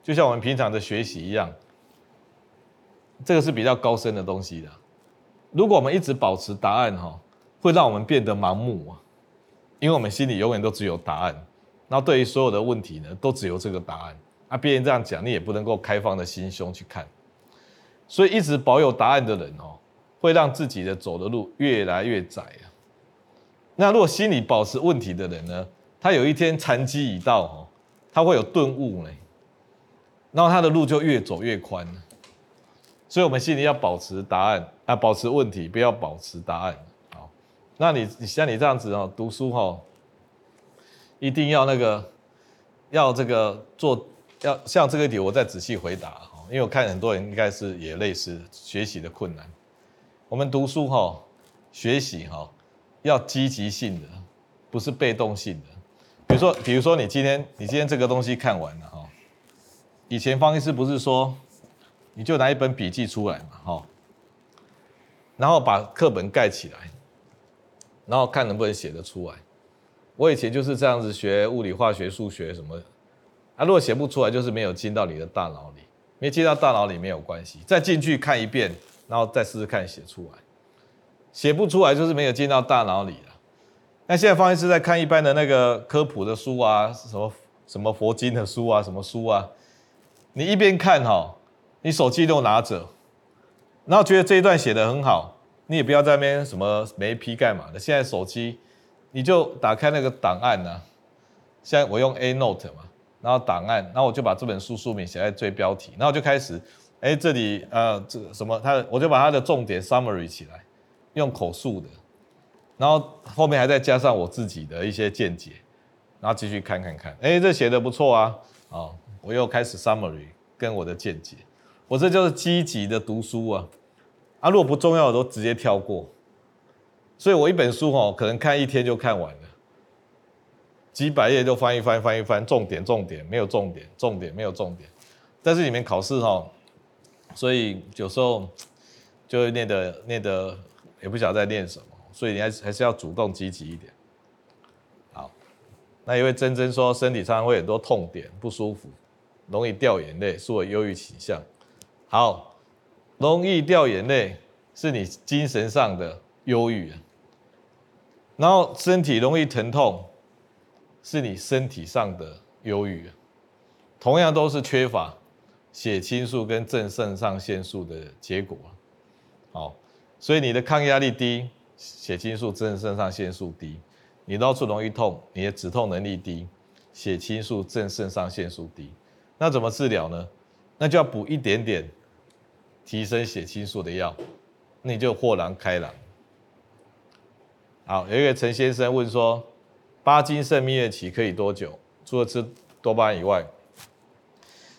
就像我們平常的學習一樣。這個是比較高深的東西的。如果我們一直保持答案哈，會讓我們變得盲目啊，因為我們心裡永遠都只有答案，那對於所有的問題呢，都只有這個答案。那別人這樣講，你也不能夠開放的心胸去看。所以一直保有答案的人哦，會讓自己的走的路越來越窄啊。那如果心裡保持問題的人呢，他有一天禪機已到哦，他會有頓悟呢，那他的路就越走越寬。所以，我們心裡要保持答案啊，保持問題，不要保持答案。哦，那你你像你這樣子哦，讀書哦，一定要那個要這個做。要像這個點，我再仔細回答哈，因為我看很多人應該是也類似學習的困難。我們讀書哈，學習哈，要積極性的，不是被動性的。比如說，比如說你今天你今天這個東西看完了哈，以前方醫師不是說，你就拿一本筆記出來嘛哈，然後把課本蓋起來，然後看能不能寫得出來。我以前就是這樣子學物理、化學、數學什麼。啊，如果寫不出來，就是沒有進到你的大腦裡，沒進到大腦裡沒有關係，再進去看一遍，然後再試試看寫出來。寫不出來就是沒有進到大腦裡了。那現在方醫師在看一般的那個科普的書啊，什麼什麼佛經的書啊，什麼書啊，你一邊看哈、喔，你手機都拿着，然後覺得這一段寫得很好，你也不要在那邊什麼沒批幹嘛的。現在手機你就打開那個檔案呢、啊，現在我用 A Note 嘛。然後檔案，然後我就把這本書書名寫在最標題，然後就開始，誒，這裡呃，這什麼，他，我就把他的重點 summary 起來，用口述的，然後後面還再加上我自己的一些見解，然後繼續看看看，誒，這寫的不錯啊，哦，我又開始 summary 跟我的見解，我這就是積極的讀書啊，啊，如果不重要的都直接跳過，所以我一本書哦，可能看一天就看完了。幾百頁就翻一翻，翻一翻，重點重點沒有重點，重點沒有重點。但是你們考試哈，所以有時候就念的念的也不曉得在念什麼，所以你還還是要主動積極一點。好，那因為珍珍說身體上會很多痛點，不舒服，容易掉眼淚，是有憂鬱傾向。好，容易掉眼淚是你精神上的憂鬱，然後身體容易疼痛。是你身體上的憂鬱，同樣都是缺乏血清素跟正腎上腺素的結果。好，所以你的抗壓力低，血清素正腎上腺素低，你到處容易痛，你的止痛能力低，血清素正腎上腺素低，那怎麼治療呢？那就要補一點點提升血清素的藥，那你就豁然開朗。好，有一個陳先生問說。巴金森蜜月期可以多久？除了吃多巴胺以外，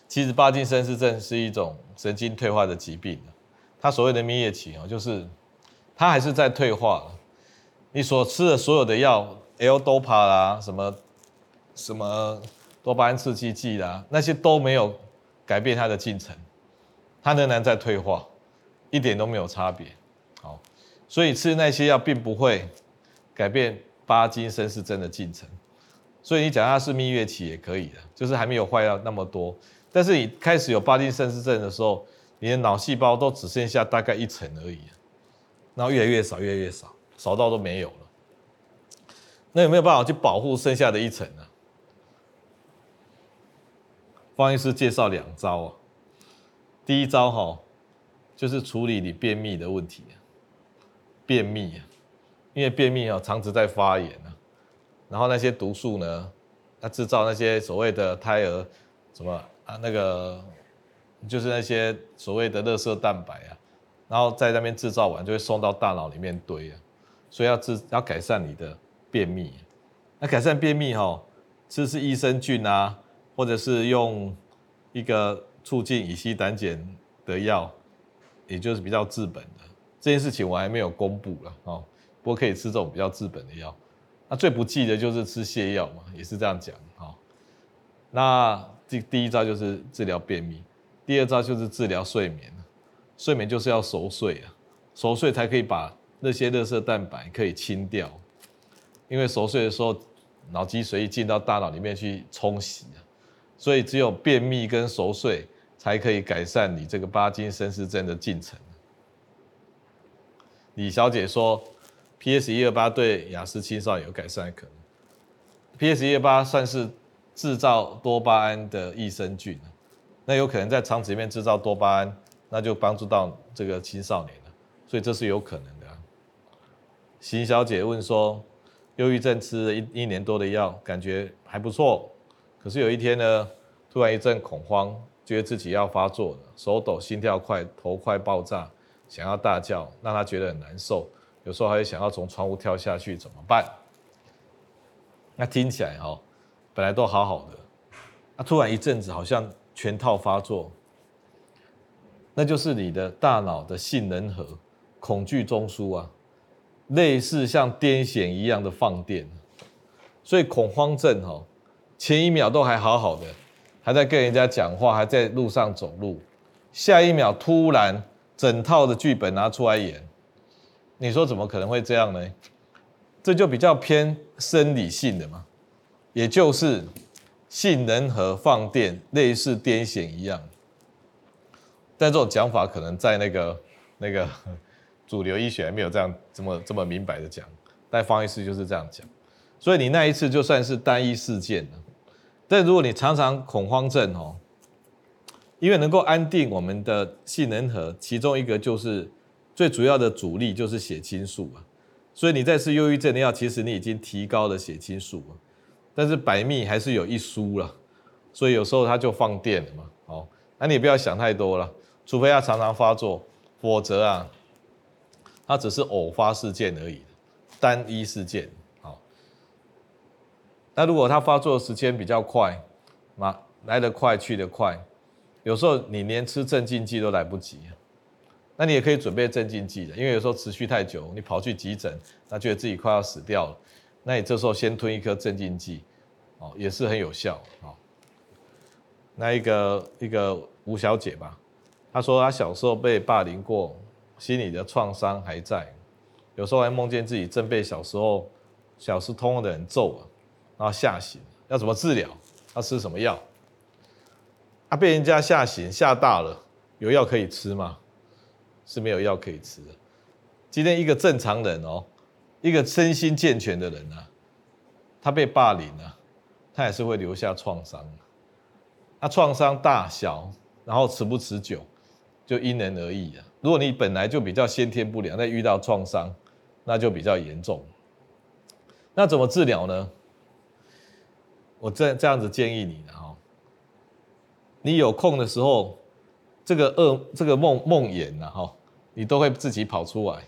其實巴金森氏症是一種神經退化的疾病。它所謂的蜜月期哦，就是它還是在退化。你所吃的所有的藥，L 多巴啦，什麼什麼多巴胺刺激劑啦，那些都沒有改變它的進程，它仍然在退化，一點都沒有差別。好，所以吃那些藥並不會改變。巴金森氏症的進程，所以你講它是蜜月期也可以的，就是還沒有壞到那麼多。但是你開始有巴金森氏症的時候，你的腦細胞都只剩下大概一層而已，然後越來越少，越來越少，少到都沒有了。那有沒有辦法去保護剩下的一層呢？方醫師介紹兩招啊，第一招哈、哦，就是處理你便秘的問題，便秘、啊。因為便秘哦，腸子在發炎啊，然後那些毒素呢，要制造那些所謂的胎兒，什麼啊那個，就是那些所謂的垃圾蛋白啊，然後在那邊制造完就會送到大腦裡面堆啊，所以要治要改善你的便秘，那改善便秘哦，吃吃益生菌啊，或者是用一個促進乙醯膽鹼的藥，也就是比較治本的這件事情，我還沒有公布了哦。不可以吃這種比較治本的藥，那、啊、最不忌的就是吃瀉藥嘛，也是這樣講、哦、那第第一招就是治療便秘，第二招就是治療睡眠，睡眠就是要熟睡啊，熟睡才可以把那些垃圾蛋白可以清掉，因為熟睡的時候腦脊髓進到大腦裡面去沖洗啊，所以只有便秘跟熟睡才可以改善你這個巴金森氏症的進程。李小姐說。PS128 對亞斯青少年有改善的可能。PS128 算是製造多巴胺的益生菌，那有可能在腸子裡面製造多巴胺，那就幫助到這個青少年了，所以這是有可能的啊。邢小姐問說，憂鬱症吃了一一年多的藥，感覺還不錯，可是有一天呢，突然一陣恐慌，覺得自己要發作了，手抖、心跳快、頭快爆炸，想要大叫，讓她覺得很難受。有時候還想要從窗戶跳下去，怎麼辦？那聽起來哦，本來都好好的，那突然一陣子好像全套發作，那就是你的大腦的杏仁核、恐懼中樞啊，類似像癲癇一樣的放電。所以恐慌症哦，前一秒都還好好的，還在跟人家講話，還在路上走路，下一秒突然整套的劇本拿出來演。你說怎麼可能會這樣呢？這就比較偏生理性的嘛，也就是，杏仁核放電類似癲癇一樣。但這種講法可能在那個那個主流醫學還沒有這樣這麼這麼明白的講，但方醫師就是這樣講。所以你那一次就算是單一事件了，但如果你常常恐慌症哦，因為能夠安定我們的杏仁核，其中一個就是。最主要的阻力就是血清素啊，所以你在吃憂鬱症的藥，其實你已經提高了血清素，但是百密還是有一疏了，所以有時候它就放電了嘛。好，那你不要想太多了，除非他常常發作，否則啊，他只是偶發事件而已，單一事件。好，那如果他發作的時間比較快嘛，來得快去得快，有時候你連吃鎮靜劑都來不及。那你也可以準備鎮靜劑的，因為有時候持續太久，你跑去急診，那覺得自己快要死掉了，那你這時候先吞一顆鎮靜劑，哦，也是很有效哦。那一個一個吳小姐吧，她說她小時候被霸凌過，心理的創傷還在，有時候還夢見自己正被小時候小時通的人揍啊，然後嚇醒。要怎麼治療？要吃什麼藥？啊，被人家嚇醒嚇大了，有藥可以吃嗎？是沒有藥可以吃的。今天一個正常人哦，一個身心健全的人啊，他被霸凌啊，他也是會留下創傷啊，他創傷大小，然後持不持久，就因人而異了啊。如果你本來就比較先天不良，再遇到創傷，那就比較嚴重。那怎麼治療呢？我這這樣子建議你呢啊哦，你有空的時候。這個噩，這個夢夢魘吶，哈，你都會自己跑出來，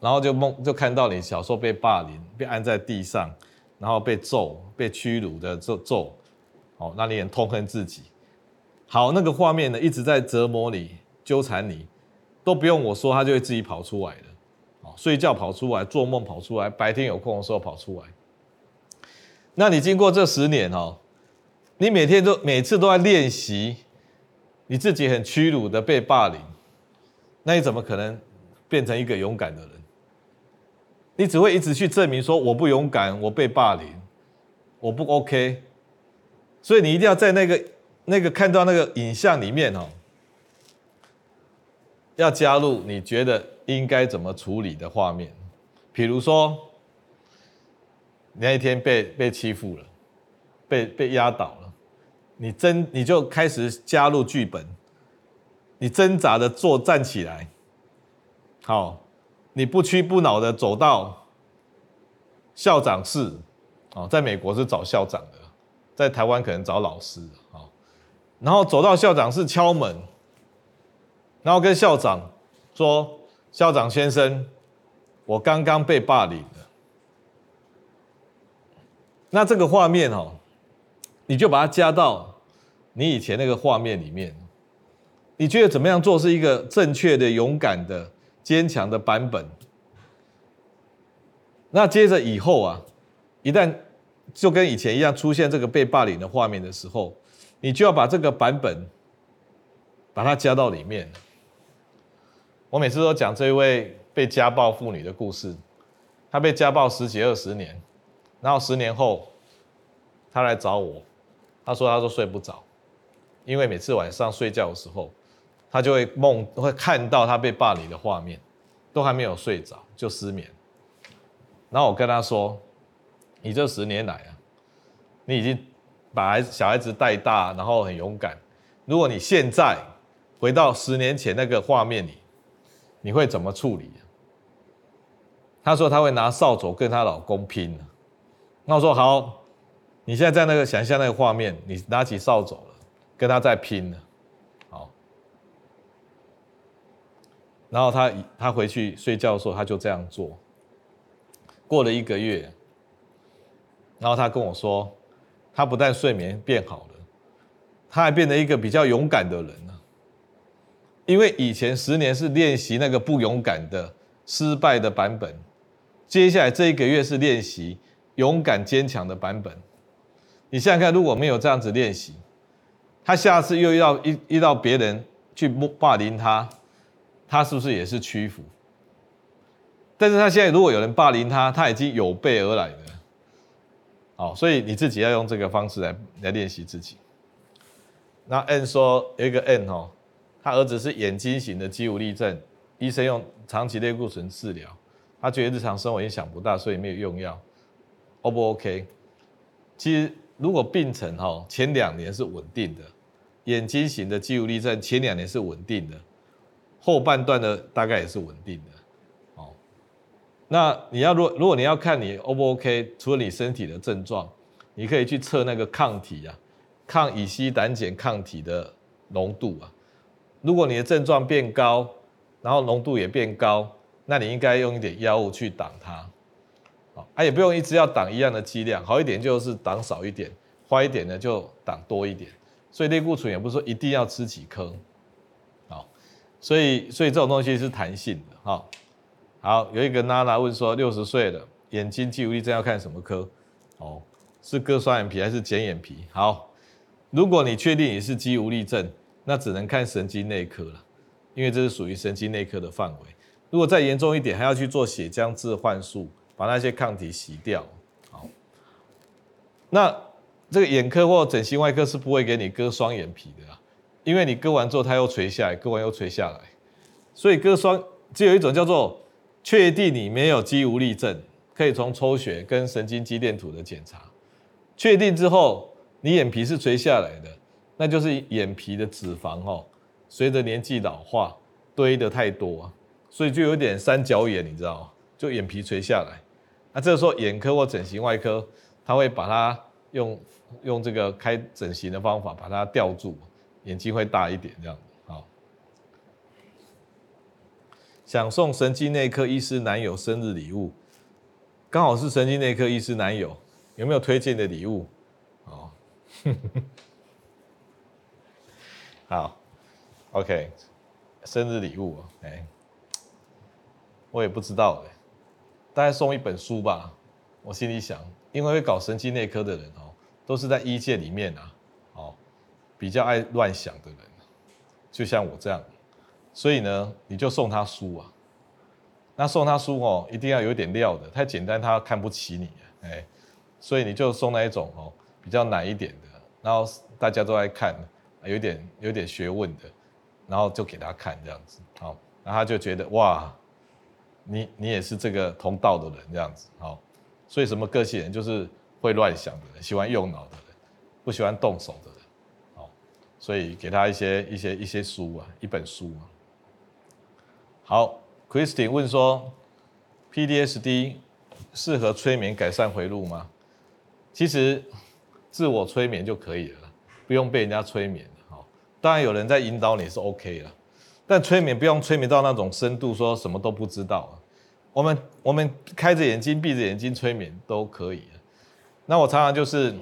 然後就夢就看到你小時候被霸凌，被按在地上，然後被揍，被屈辱的揍揍，哦，那你很痛恨自己。好，那個畫面呢，一直在折磨你，糾纏你，都不用我說，他就會自己跑出來的。哦，睡覺跑出來，做夢跑出來，白天有空的時候跑出來。那你經過這十年哦，你每天都每次都在練習。你自己很屈辱的被霸凌，那你怎麼可能變成一個勇敢的人？你只會一直去證明說我不勇敢，我被霸凌，我不 OK。所以你一定要在那個那個看到那個影像裡面哦，要加入你覺得應該怎麼處理的畫面，比如說，你那一天被被欺負了，被被壓倒了。你真，你就開始加入劇本，你掙扎的坐站起來，好，你不屈不撓的走到校長室，哦，在美國是找校長的，在台灣可能找老師，好，然後走到校長室敲門，然後跟校長說：“校長先生，我剛剛被霸凌了。”那這個畫面哦，你就把它加到。你以前那個畫面裡面，你覺得怎麼樣做是一個正確的、勇敢的、堅強的版本？那接着以後啊，一旦就跟以前一樣出現這個被霸凌的畫面的時候，你就要把這個版本把它加到裡面。我每次都講這一位被家暴婦女的故事，她被家暴十幾二十年，然後十年後她來找我，她說她說睡不着。因為每次晚上睡覺的時候，他就會夢會看到他被霸凌的畫面，都還沒有睡着就失眠。然後我跟他說：“你這十年來啊，你已經把孩子小孩子帶大，然後很勇敢。如果你現在回到十年前那個畫面裡，你會怎麼處理？”他說：“他會拿掃帚跟他老公拼。”那我說：“好，你現在在那個想象那個畫面，你拿起掃帚。”跟他在拼了，好。然後他他回去睡覺的時候，他就這樣做。過了一個月，然後他跟我說，他不但睡眠變好了，他還變得一個比較勇敢的人。因為以前十年是練習那個不勇敢的失敗的版本，接下來這一個月是練習勇敢堅強的版本。你想想看，如果沒有這樣子練習。他下次又遇到一遇到別人去霸凌他，他是不是也是屈服？但是他現在如果有人霸凌他，他已經有備而來了。哦，所以你自己要用這個方式來來練習自己。那 N 說有一個 N 哦，他兒子是眼睛型的肌無力症，醫生用長期類固醇治療，他覺得日常生活影響不大，所以沒有用藥。O 不 OK？其實。如果病程哈前兩年是穩定的，眼睛型的肌無力症前兩年是穩定的，後半段的大概也是穩定的，哦。那你要如果如果你要看你 O 不 OK，除了你身體的症狀，你可以去測那個抗體啊，抗乙醯膽鹼抗體的濃度啊。如果你的症狀變高，然後濃度也變高，那你應該用一點藥物去擋它。啊，也不用一直要擋一樣的劑量，好一點就是擋少一點，壞一點呢就擋多一點。所以類固醇也不是說一定要吃幾顆，好，所以所以這種東西是彈性的。好，好，有一個娜娜問說，六十歲了，眼睛肌無力症要看什麼科？哦，是割雙眼皮還是剪眼皮？好，如果你確定你是肌無力症，那只能看神經內科了，因為這是屬於神經內科的範圍。如果再嚴重一點，還要去做血漿置換術。把那些抗體洗掉，好。那這個眼科或整形外科是不會給你割雙眼皮的啊，因為你割完之後它又垂下來，割完又垂下來，所以割雙只有一種叫做確定你沒有肌無力症，可以從抽血跟神經肌電圖的檢查確定之後，你眼皮是垂下來的，那就是眼皮的脂肪哦，隨着年紀老化堆得太多啊，所以就有點三角眼，你知道嗎？就眼皮垂下來。那、啊、這個時候眼科或整形外科，他會把它用用這個開整形的方法把它吊住，眼睛會大一點這樣子。好。想送神經內科醫師男友生日禮物，剛好是神經內科醫師男友,有沒有推薦的禮物？哦， *laughs* 好，OK，生日禮物，哎、欸，我也不知道、欸。大概送一本書吧，我心裡想，因為會搞神經內科的人哦，都是在醫界裡面啊，哦，比較愛亂想的人，就像我這樣，所以呢，你就送他書啊，那送他書哦，一定要有點料的，太簡單他看不起你，哎，所以你就送那一種哦，比較難一點的，然後大家都愛看，有點有點學問的，然後就給他看這樣子，好，然後他就覺得哇。你你也是這個同道的人這樣子哦，所以什麼個性人就是會亂想的人，喜歡用腦的人，不喜歡動手的人，哦，所以給他一些一些一些書啊，一本書啊。好，Christine 問說，PTSD 適合催眠改善迴路嗎？其實自我催眠就可以了，不用被人家催眠，好、哦，當然有人在引導你也是 OK 了。但催眠不用催眠到那種深度，說什麼都不知道，啊。我們我們開着眼睛閉着眼睛催眠都可以。那我常常就是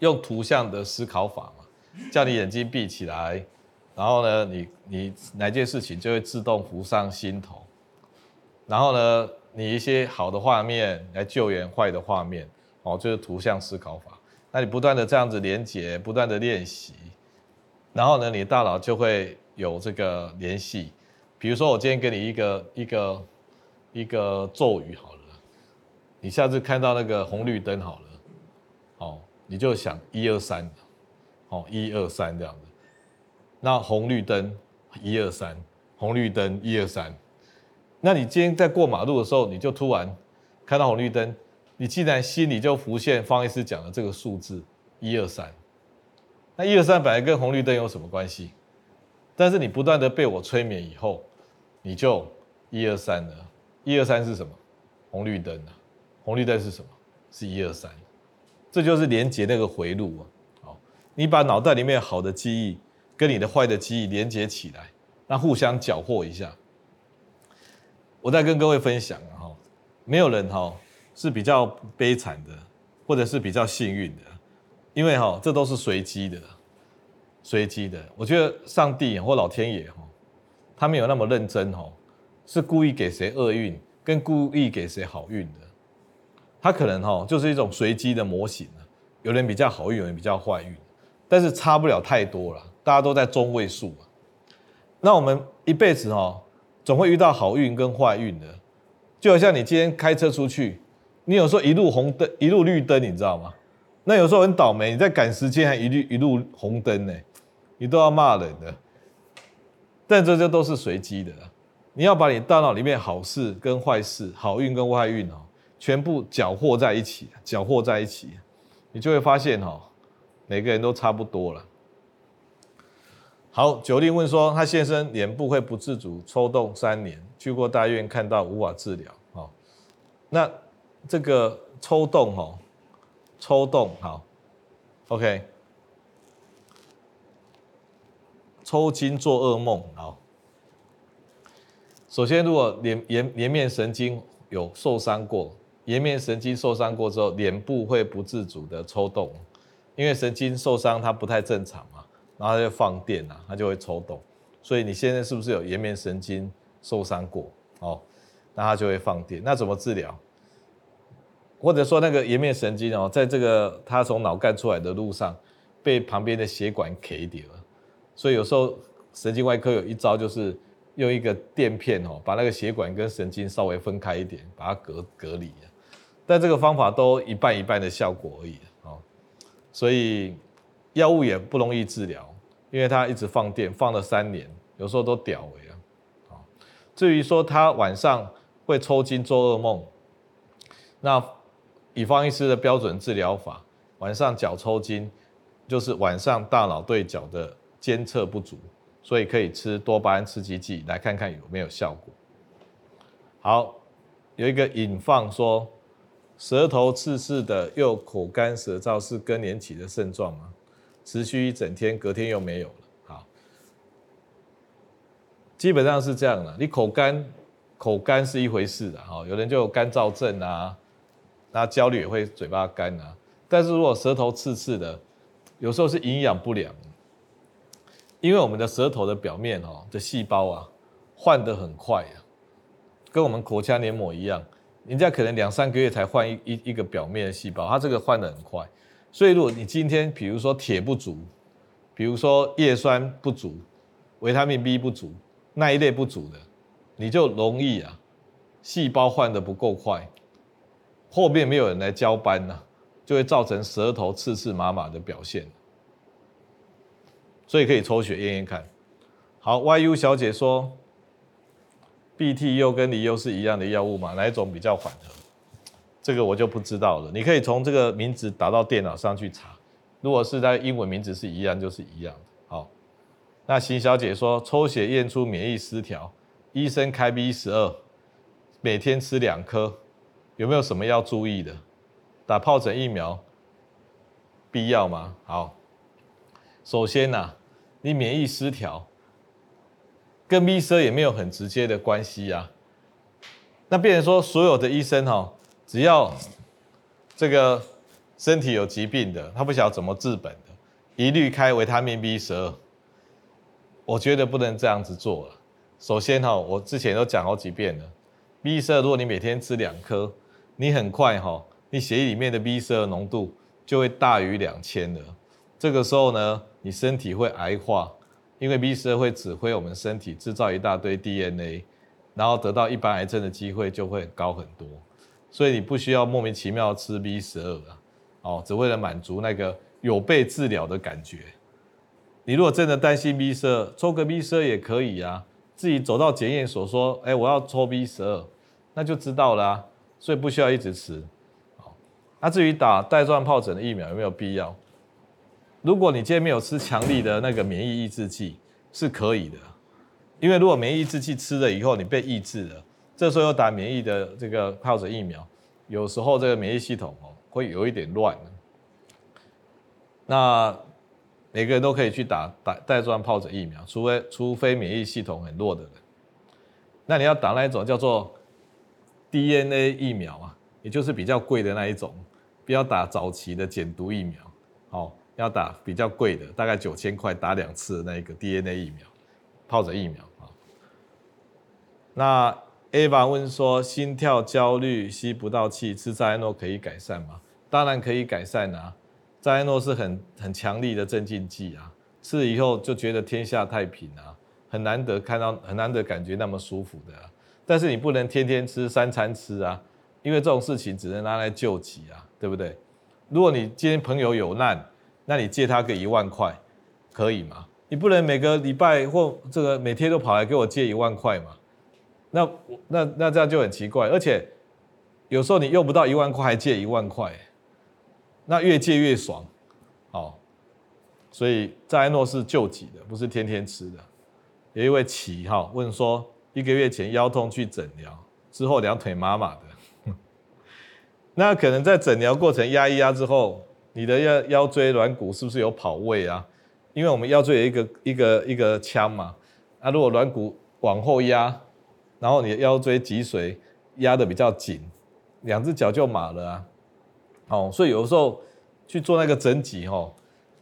用圖像的思考法嘛，叫你眼睛閉起來，然後呢你，你你哪件事情就會自動浮上心頭。然後呢，你一些好的畫面來救援壞的畫面哦，就是圖像思考法。那你不斷的這樣子連接，不斷的練習，然後呢，你大腦就會。有這個聯繫，比如說我今天給你一個一個一個咒語好了，你下次看到那個紅綠燈好了，哦，你就想一二三，哦一二三這樣的，那紅綠燈一二三，1, 2, 3，紅綠燈一二三，1, 2, 3，那你今天在過馬路的時候，你就突然看到紅綠燈，你既然心裡就浮現方醫師講的這個數字一二三，1, 2, 3，那一二三本來跟紅綠燈有什麼關係？但是你不斷的被我催眠以後，你就一二三了。一二三是什麼？紅綠燈啊。紅綠燈是什麼？是一二三。這就是連接那個迴路啊。好，你把腦袋裡面好的記憶跟你的壞的記憶連接起來，那互相攪和一下。我再跟各位分享哈、啊，沒有人哈、哦，是比較悲慘的，或者是比較幸運的，因為哈、哦，這都是隨機的。隨機的，我覺得上帝或老天爺哈，他沒有那麼認真哈，是故意給誰厄運，跟故意給誰好運的，他可能哈，就是一種隨機的模型，有人比較好運，有人比較壞運，但是差不了太多了，大家都在中位數嘛。那我們一輩子哈，總會遇到好運跟壞運的，就好像你今天開車出去，你有時候一路紅燈，一路綠燈，你知道嗎？那有時候很倒霉，你在趕時間還一路一路紅燈呢。你都要罵人的，但這些都是隨機的。你要把你大腦裡面好事跟壞事、好運跟壞運哦，全部攪和在一起，攪和在一起，你就會發現哦，每個人都差不多了。好，九令問說，他先生臉部會不自主抽動三年，去過大醫院看到無法治療哦，那這個抽動哦，抽動好，OK。抽筋、做噩夢，哦。首先，如果臉、顏、顏面神經有受傷過，顏面神經受傷過之後，臉部會不自主的抽動，因為神經受傷，它不太正常嘛，然後它就放電啦，它就會抽動。所以你現在是不是有顏面神經受傷過？哦，那它就會放電。那怎麼治療？或者說那個顏面神經哦，在這個它從腦幹出來的路上，被旁邊的血管給頂了。所以有時候神經外科有一招，就是用一個墊片哦，把那個血管跟神經稍微分開一點，把它隔隔離。但這個方法都一半一半的效果而已哦。所以藥物也不容易治療，因為它一直放電，放了三年，有時候都屌了。啊，至於說他晚上會抽筋、做噩夢，那以方醫師的標準治療法，晚上腳抽筋就是晚上大腦對腳的。監測不足，所以可以吃多巴胺刺激劑來看看有沒有效果。好，有一個引放說舌頭刺刺的又口乾舌燥，是更年期的症狀嗎？持續一整天，隔天又沒有了。好，基本上是這樣的，你口乾，口乾是一回事的。好，有人就有乾燥症啊，那焦慮也會嘴巴乾啊。但是如果舌頭刺刺的，有時候是營養不良。因為我們的舌頭的表面、哦，哈，的細胞啊，換得很快啊，跟我們口腔黏膜一樣，人家可能兩三個月才換一一一,一個表面的細胞，它這個換得很快，所以如果你今天比如說鐵不足，比如說葉酸不足，維他命 B 不足那一類不足的，你就容易啊，細胞換得不夠快，後面沒有人來交班啊，就會造成舌頭刺刺麻麻的表現。所以可以抽血驗驗看好。好，YU 小姐說，B T U 跟鋰 U 是一樣的藥物嗎？哪一種比較緩和？這個我就不知道了。你可以從這個名字打到電腦上去查。如果是在英文名字是一樣，就是一樣的。好，那邢小姐說，抽血驗出免疫失調，醫生開 B 十二，每天吃兩顆，有沒有什麼要注意的？打疱疹疫苗必要嗎？好。首先吶、啊，你免疫失調，跟 B12 也沒有很直接的關係呀、啊。那變成說所有的醫生哈、哦，只要這個身體有疾病的，他不曉得怎麼治本的，一律開維他命 B 十二，我覺得不能這樣子做了、啊。首先哈、哦，我之前都講好幾遍了，B12 如果你每天吃兩顆，你很快哈、哦，你血液裡面的 B12 濃度就會大於兩千的。這個時候呢，你身體會癌化，因為 B12 會指揮我們身體制造一大堆 DNA，然後得到一般癌症的機會就會很高很多，所以你不需要莫名其妙吃 B12 啊，哦，只為了滿足那個有被治療的感覺。你如果真的擔心 B12，抽個 B12 也可以啊，自己走到檢驗所說，哎，我要抽 B12，那就知道啦，啊，所以不需要一直吃。好，那至於打帶狀疱疹的疫苗有沒有必要？如果你今天沒有吃強力的那個免疫抑制劑，是可以的，因為如果免疫抑制劑吃了以後你被抑制了，這時候又打免疫的這個皰疹疫苗，有時候這個免疫系統哦會有一點亂。那每個人都可以去打打帶狀皰疹疫苗，除非除非免疫系統很弱的人，那你要打那一種叫做 DNA 疫苗啊，也就是比較貴的那一種，不要打早期的減毒疫苗，哦。要打比較貴的，大概九千塊，打兩次的那個 DNA 疫苗，皰疹疫苗啊。那 Eva 問說，心跳焦慮，吸不到氣，吃贊安諾可以改善嗎？當然可以改善啊，贊安諾是很很強力的鎮靜劑啊，吃了以後就覺得天下太平啊，很難得看到，很難得感覺那麼舒服的、啊。但是你不能天天吃三餐吃啊，因為這種事情只能拿來救急啊，對不對？如果你今天朋友有難，那你借他個一萬塊，可以嗎？你不能每個禮拜或這個每天都跑來給我借一萬塊嗎？那我那那這樣就很奇怪，而且有時候你用不到一萬塊還借一萬塊、欸，那越借越爽，哦，所以，在諾是救急的，不是天天吃的。有一位奇哈、哦、問說，一個月前腰痛去診療之後兩馬馬，兩腿麻麻的，那可能在診療過程壓一壓之後。你的腰腰椎軟骨是不是有跑位啊？因為我們腰椎有一個一個一個腔嘛，那、啊、如果軟骨往後壓，然後你的腰椎脊髓壓得比較緊，兩只腳就麻了啊。哦，所以有時候去做那個整脊哦，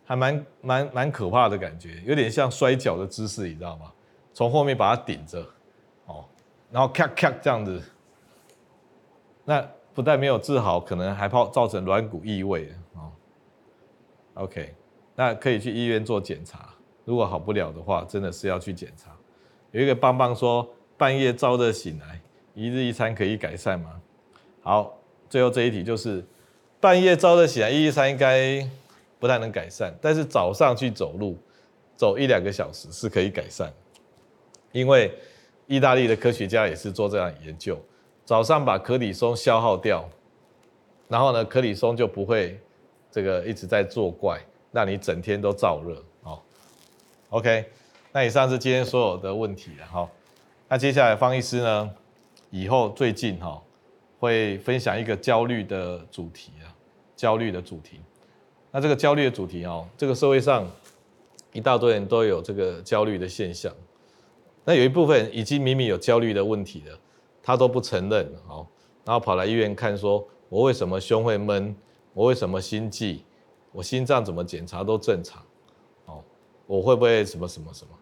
還蠻蠻蠻可怕的感覺，有點像摔跤的姿勢，你知道嗎？從後面把它頂着，哦，然後咔咔這樣子，那不但沒有治好，可能還怕造成軟骨異位。OK，那可以去醫院做檢查。如果好不了的話，真的是要去檢查。有一個棒棒說，半夜燥熱醒來，一日一餐可以改善嗎？好，最後這一題就是，半夜燥熱醒來，一日一餐應該不太能改善，但是早上去走路，走一兩個小時是可以改善。因為意大利的科學家也是做這樣的研究，早上把可里松消耗掉，然後呢，可里松就不會。這個一直在作怪，讓你整天都燥熱。哦，OK，那以上是今天所有的問題了哈、哦。那接下來方醫師呢，以後最近哈、哦、會分享一個焦慮的主題啊，焦慮的主題，那這個焦慮的主題哦，這個社會上一大堆人都有這個焦慮的現象。那有一部分已經明明有焦慮的問題了，他都不承認哦，然後跑來醫院看說，說我為什麼胸會悶？我為什麼心悸？我心臟怎麼檢查都正常，哦，我會不會什麼什麼什麼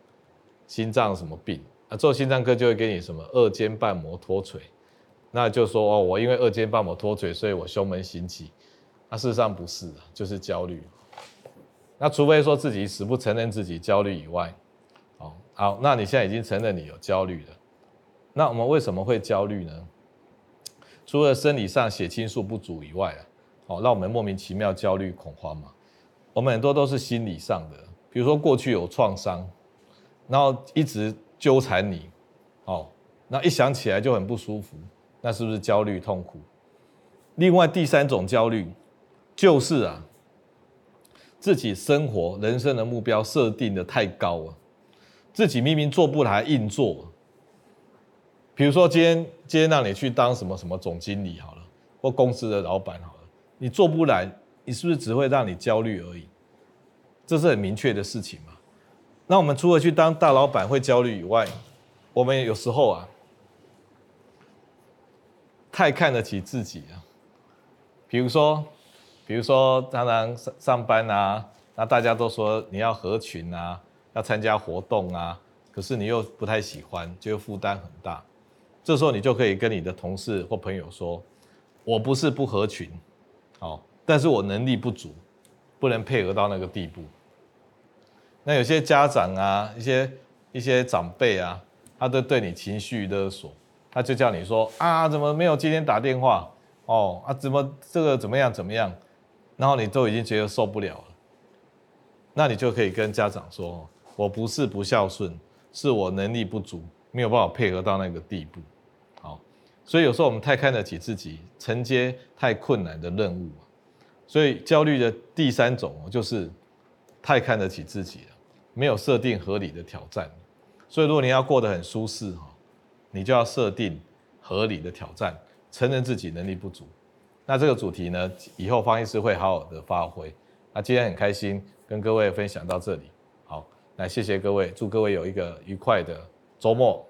心臟什麼病？啊，做心臟科就會給你什麼二尖瓣膜脫垂，那就說哦，我因為二尖瓣膜脫垂，所以我胸悶心悸，那、啊、事實上不是，就是焦慮。那除非說自己死不承認自己焦慮以外，哦，好，那你現在已經承認你有焦慮了，那我們為什麼會焦慮呢？除了生理上血清素不足以外啊。讓我們莫名其妙焦慮恐慌嘛。我們很多都是心理上的，比如說過去有創傷，然後一直糾纏你，哦，那一想起來就很不舒服，那是不是焦慮痛苦？另外第三種焦慮就是啊，自己生活人生的目標設定的太高了，自己明明做不來硬做。比如說今天今天讓你去當什麼什麼總經理好了，或公司的老闆你做不來，你是不是只會讓你焦慮而已？這是很明確的事情嘛。那我們除了去當大老板會焦慮以外，我們有時候啊，太看得起自己了。比如說，比如說，常常上上班啊，那大家都說你要合群啊，要參加活動啊，可是你又不太喜歡，就負擔很大。這時候你就可以跟你的同事或朋友說：“我不是不合群。”哦，但是我能力不足，不能配合到那個地步。那有些家長啊，一些一些長輩啊，他都對你情緒勒索，他就叫你說啊，怎麼沒有今天打電話？哦，啊，怎麼這個怎麼樣怎麼樣？然後你都已經覺得受不了了，那你就可以跟家長說，我不是不孝順，是我能力不足，沒有辦法配合到那個地步。所以有時候我們太看得起自己，承接太困難的任務，所以焦慮的第三種就是太看得起自己了，沒有設定合理的挑戰。所以如果你要過得很舒適哈，你就要設定合理的挑戰，承認自己能力不足。那這個主題呢，以後方醫師會好好的發揮。那今天很開心跟各位分享到這裡，好，那謝謝各位，祝各位有一個愉快的週末。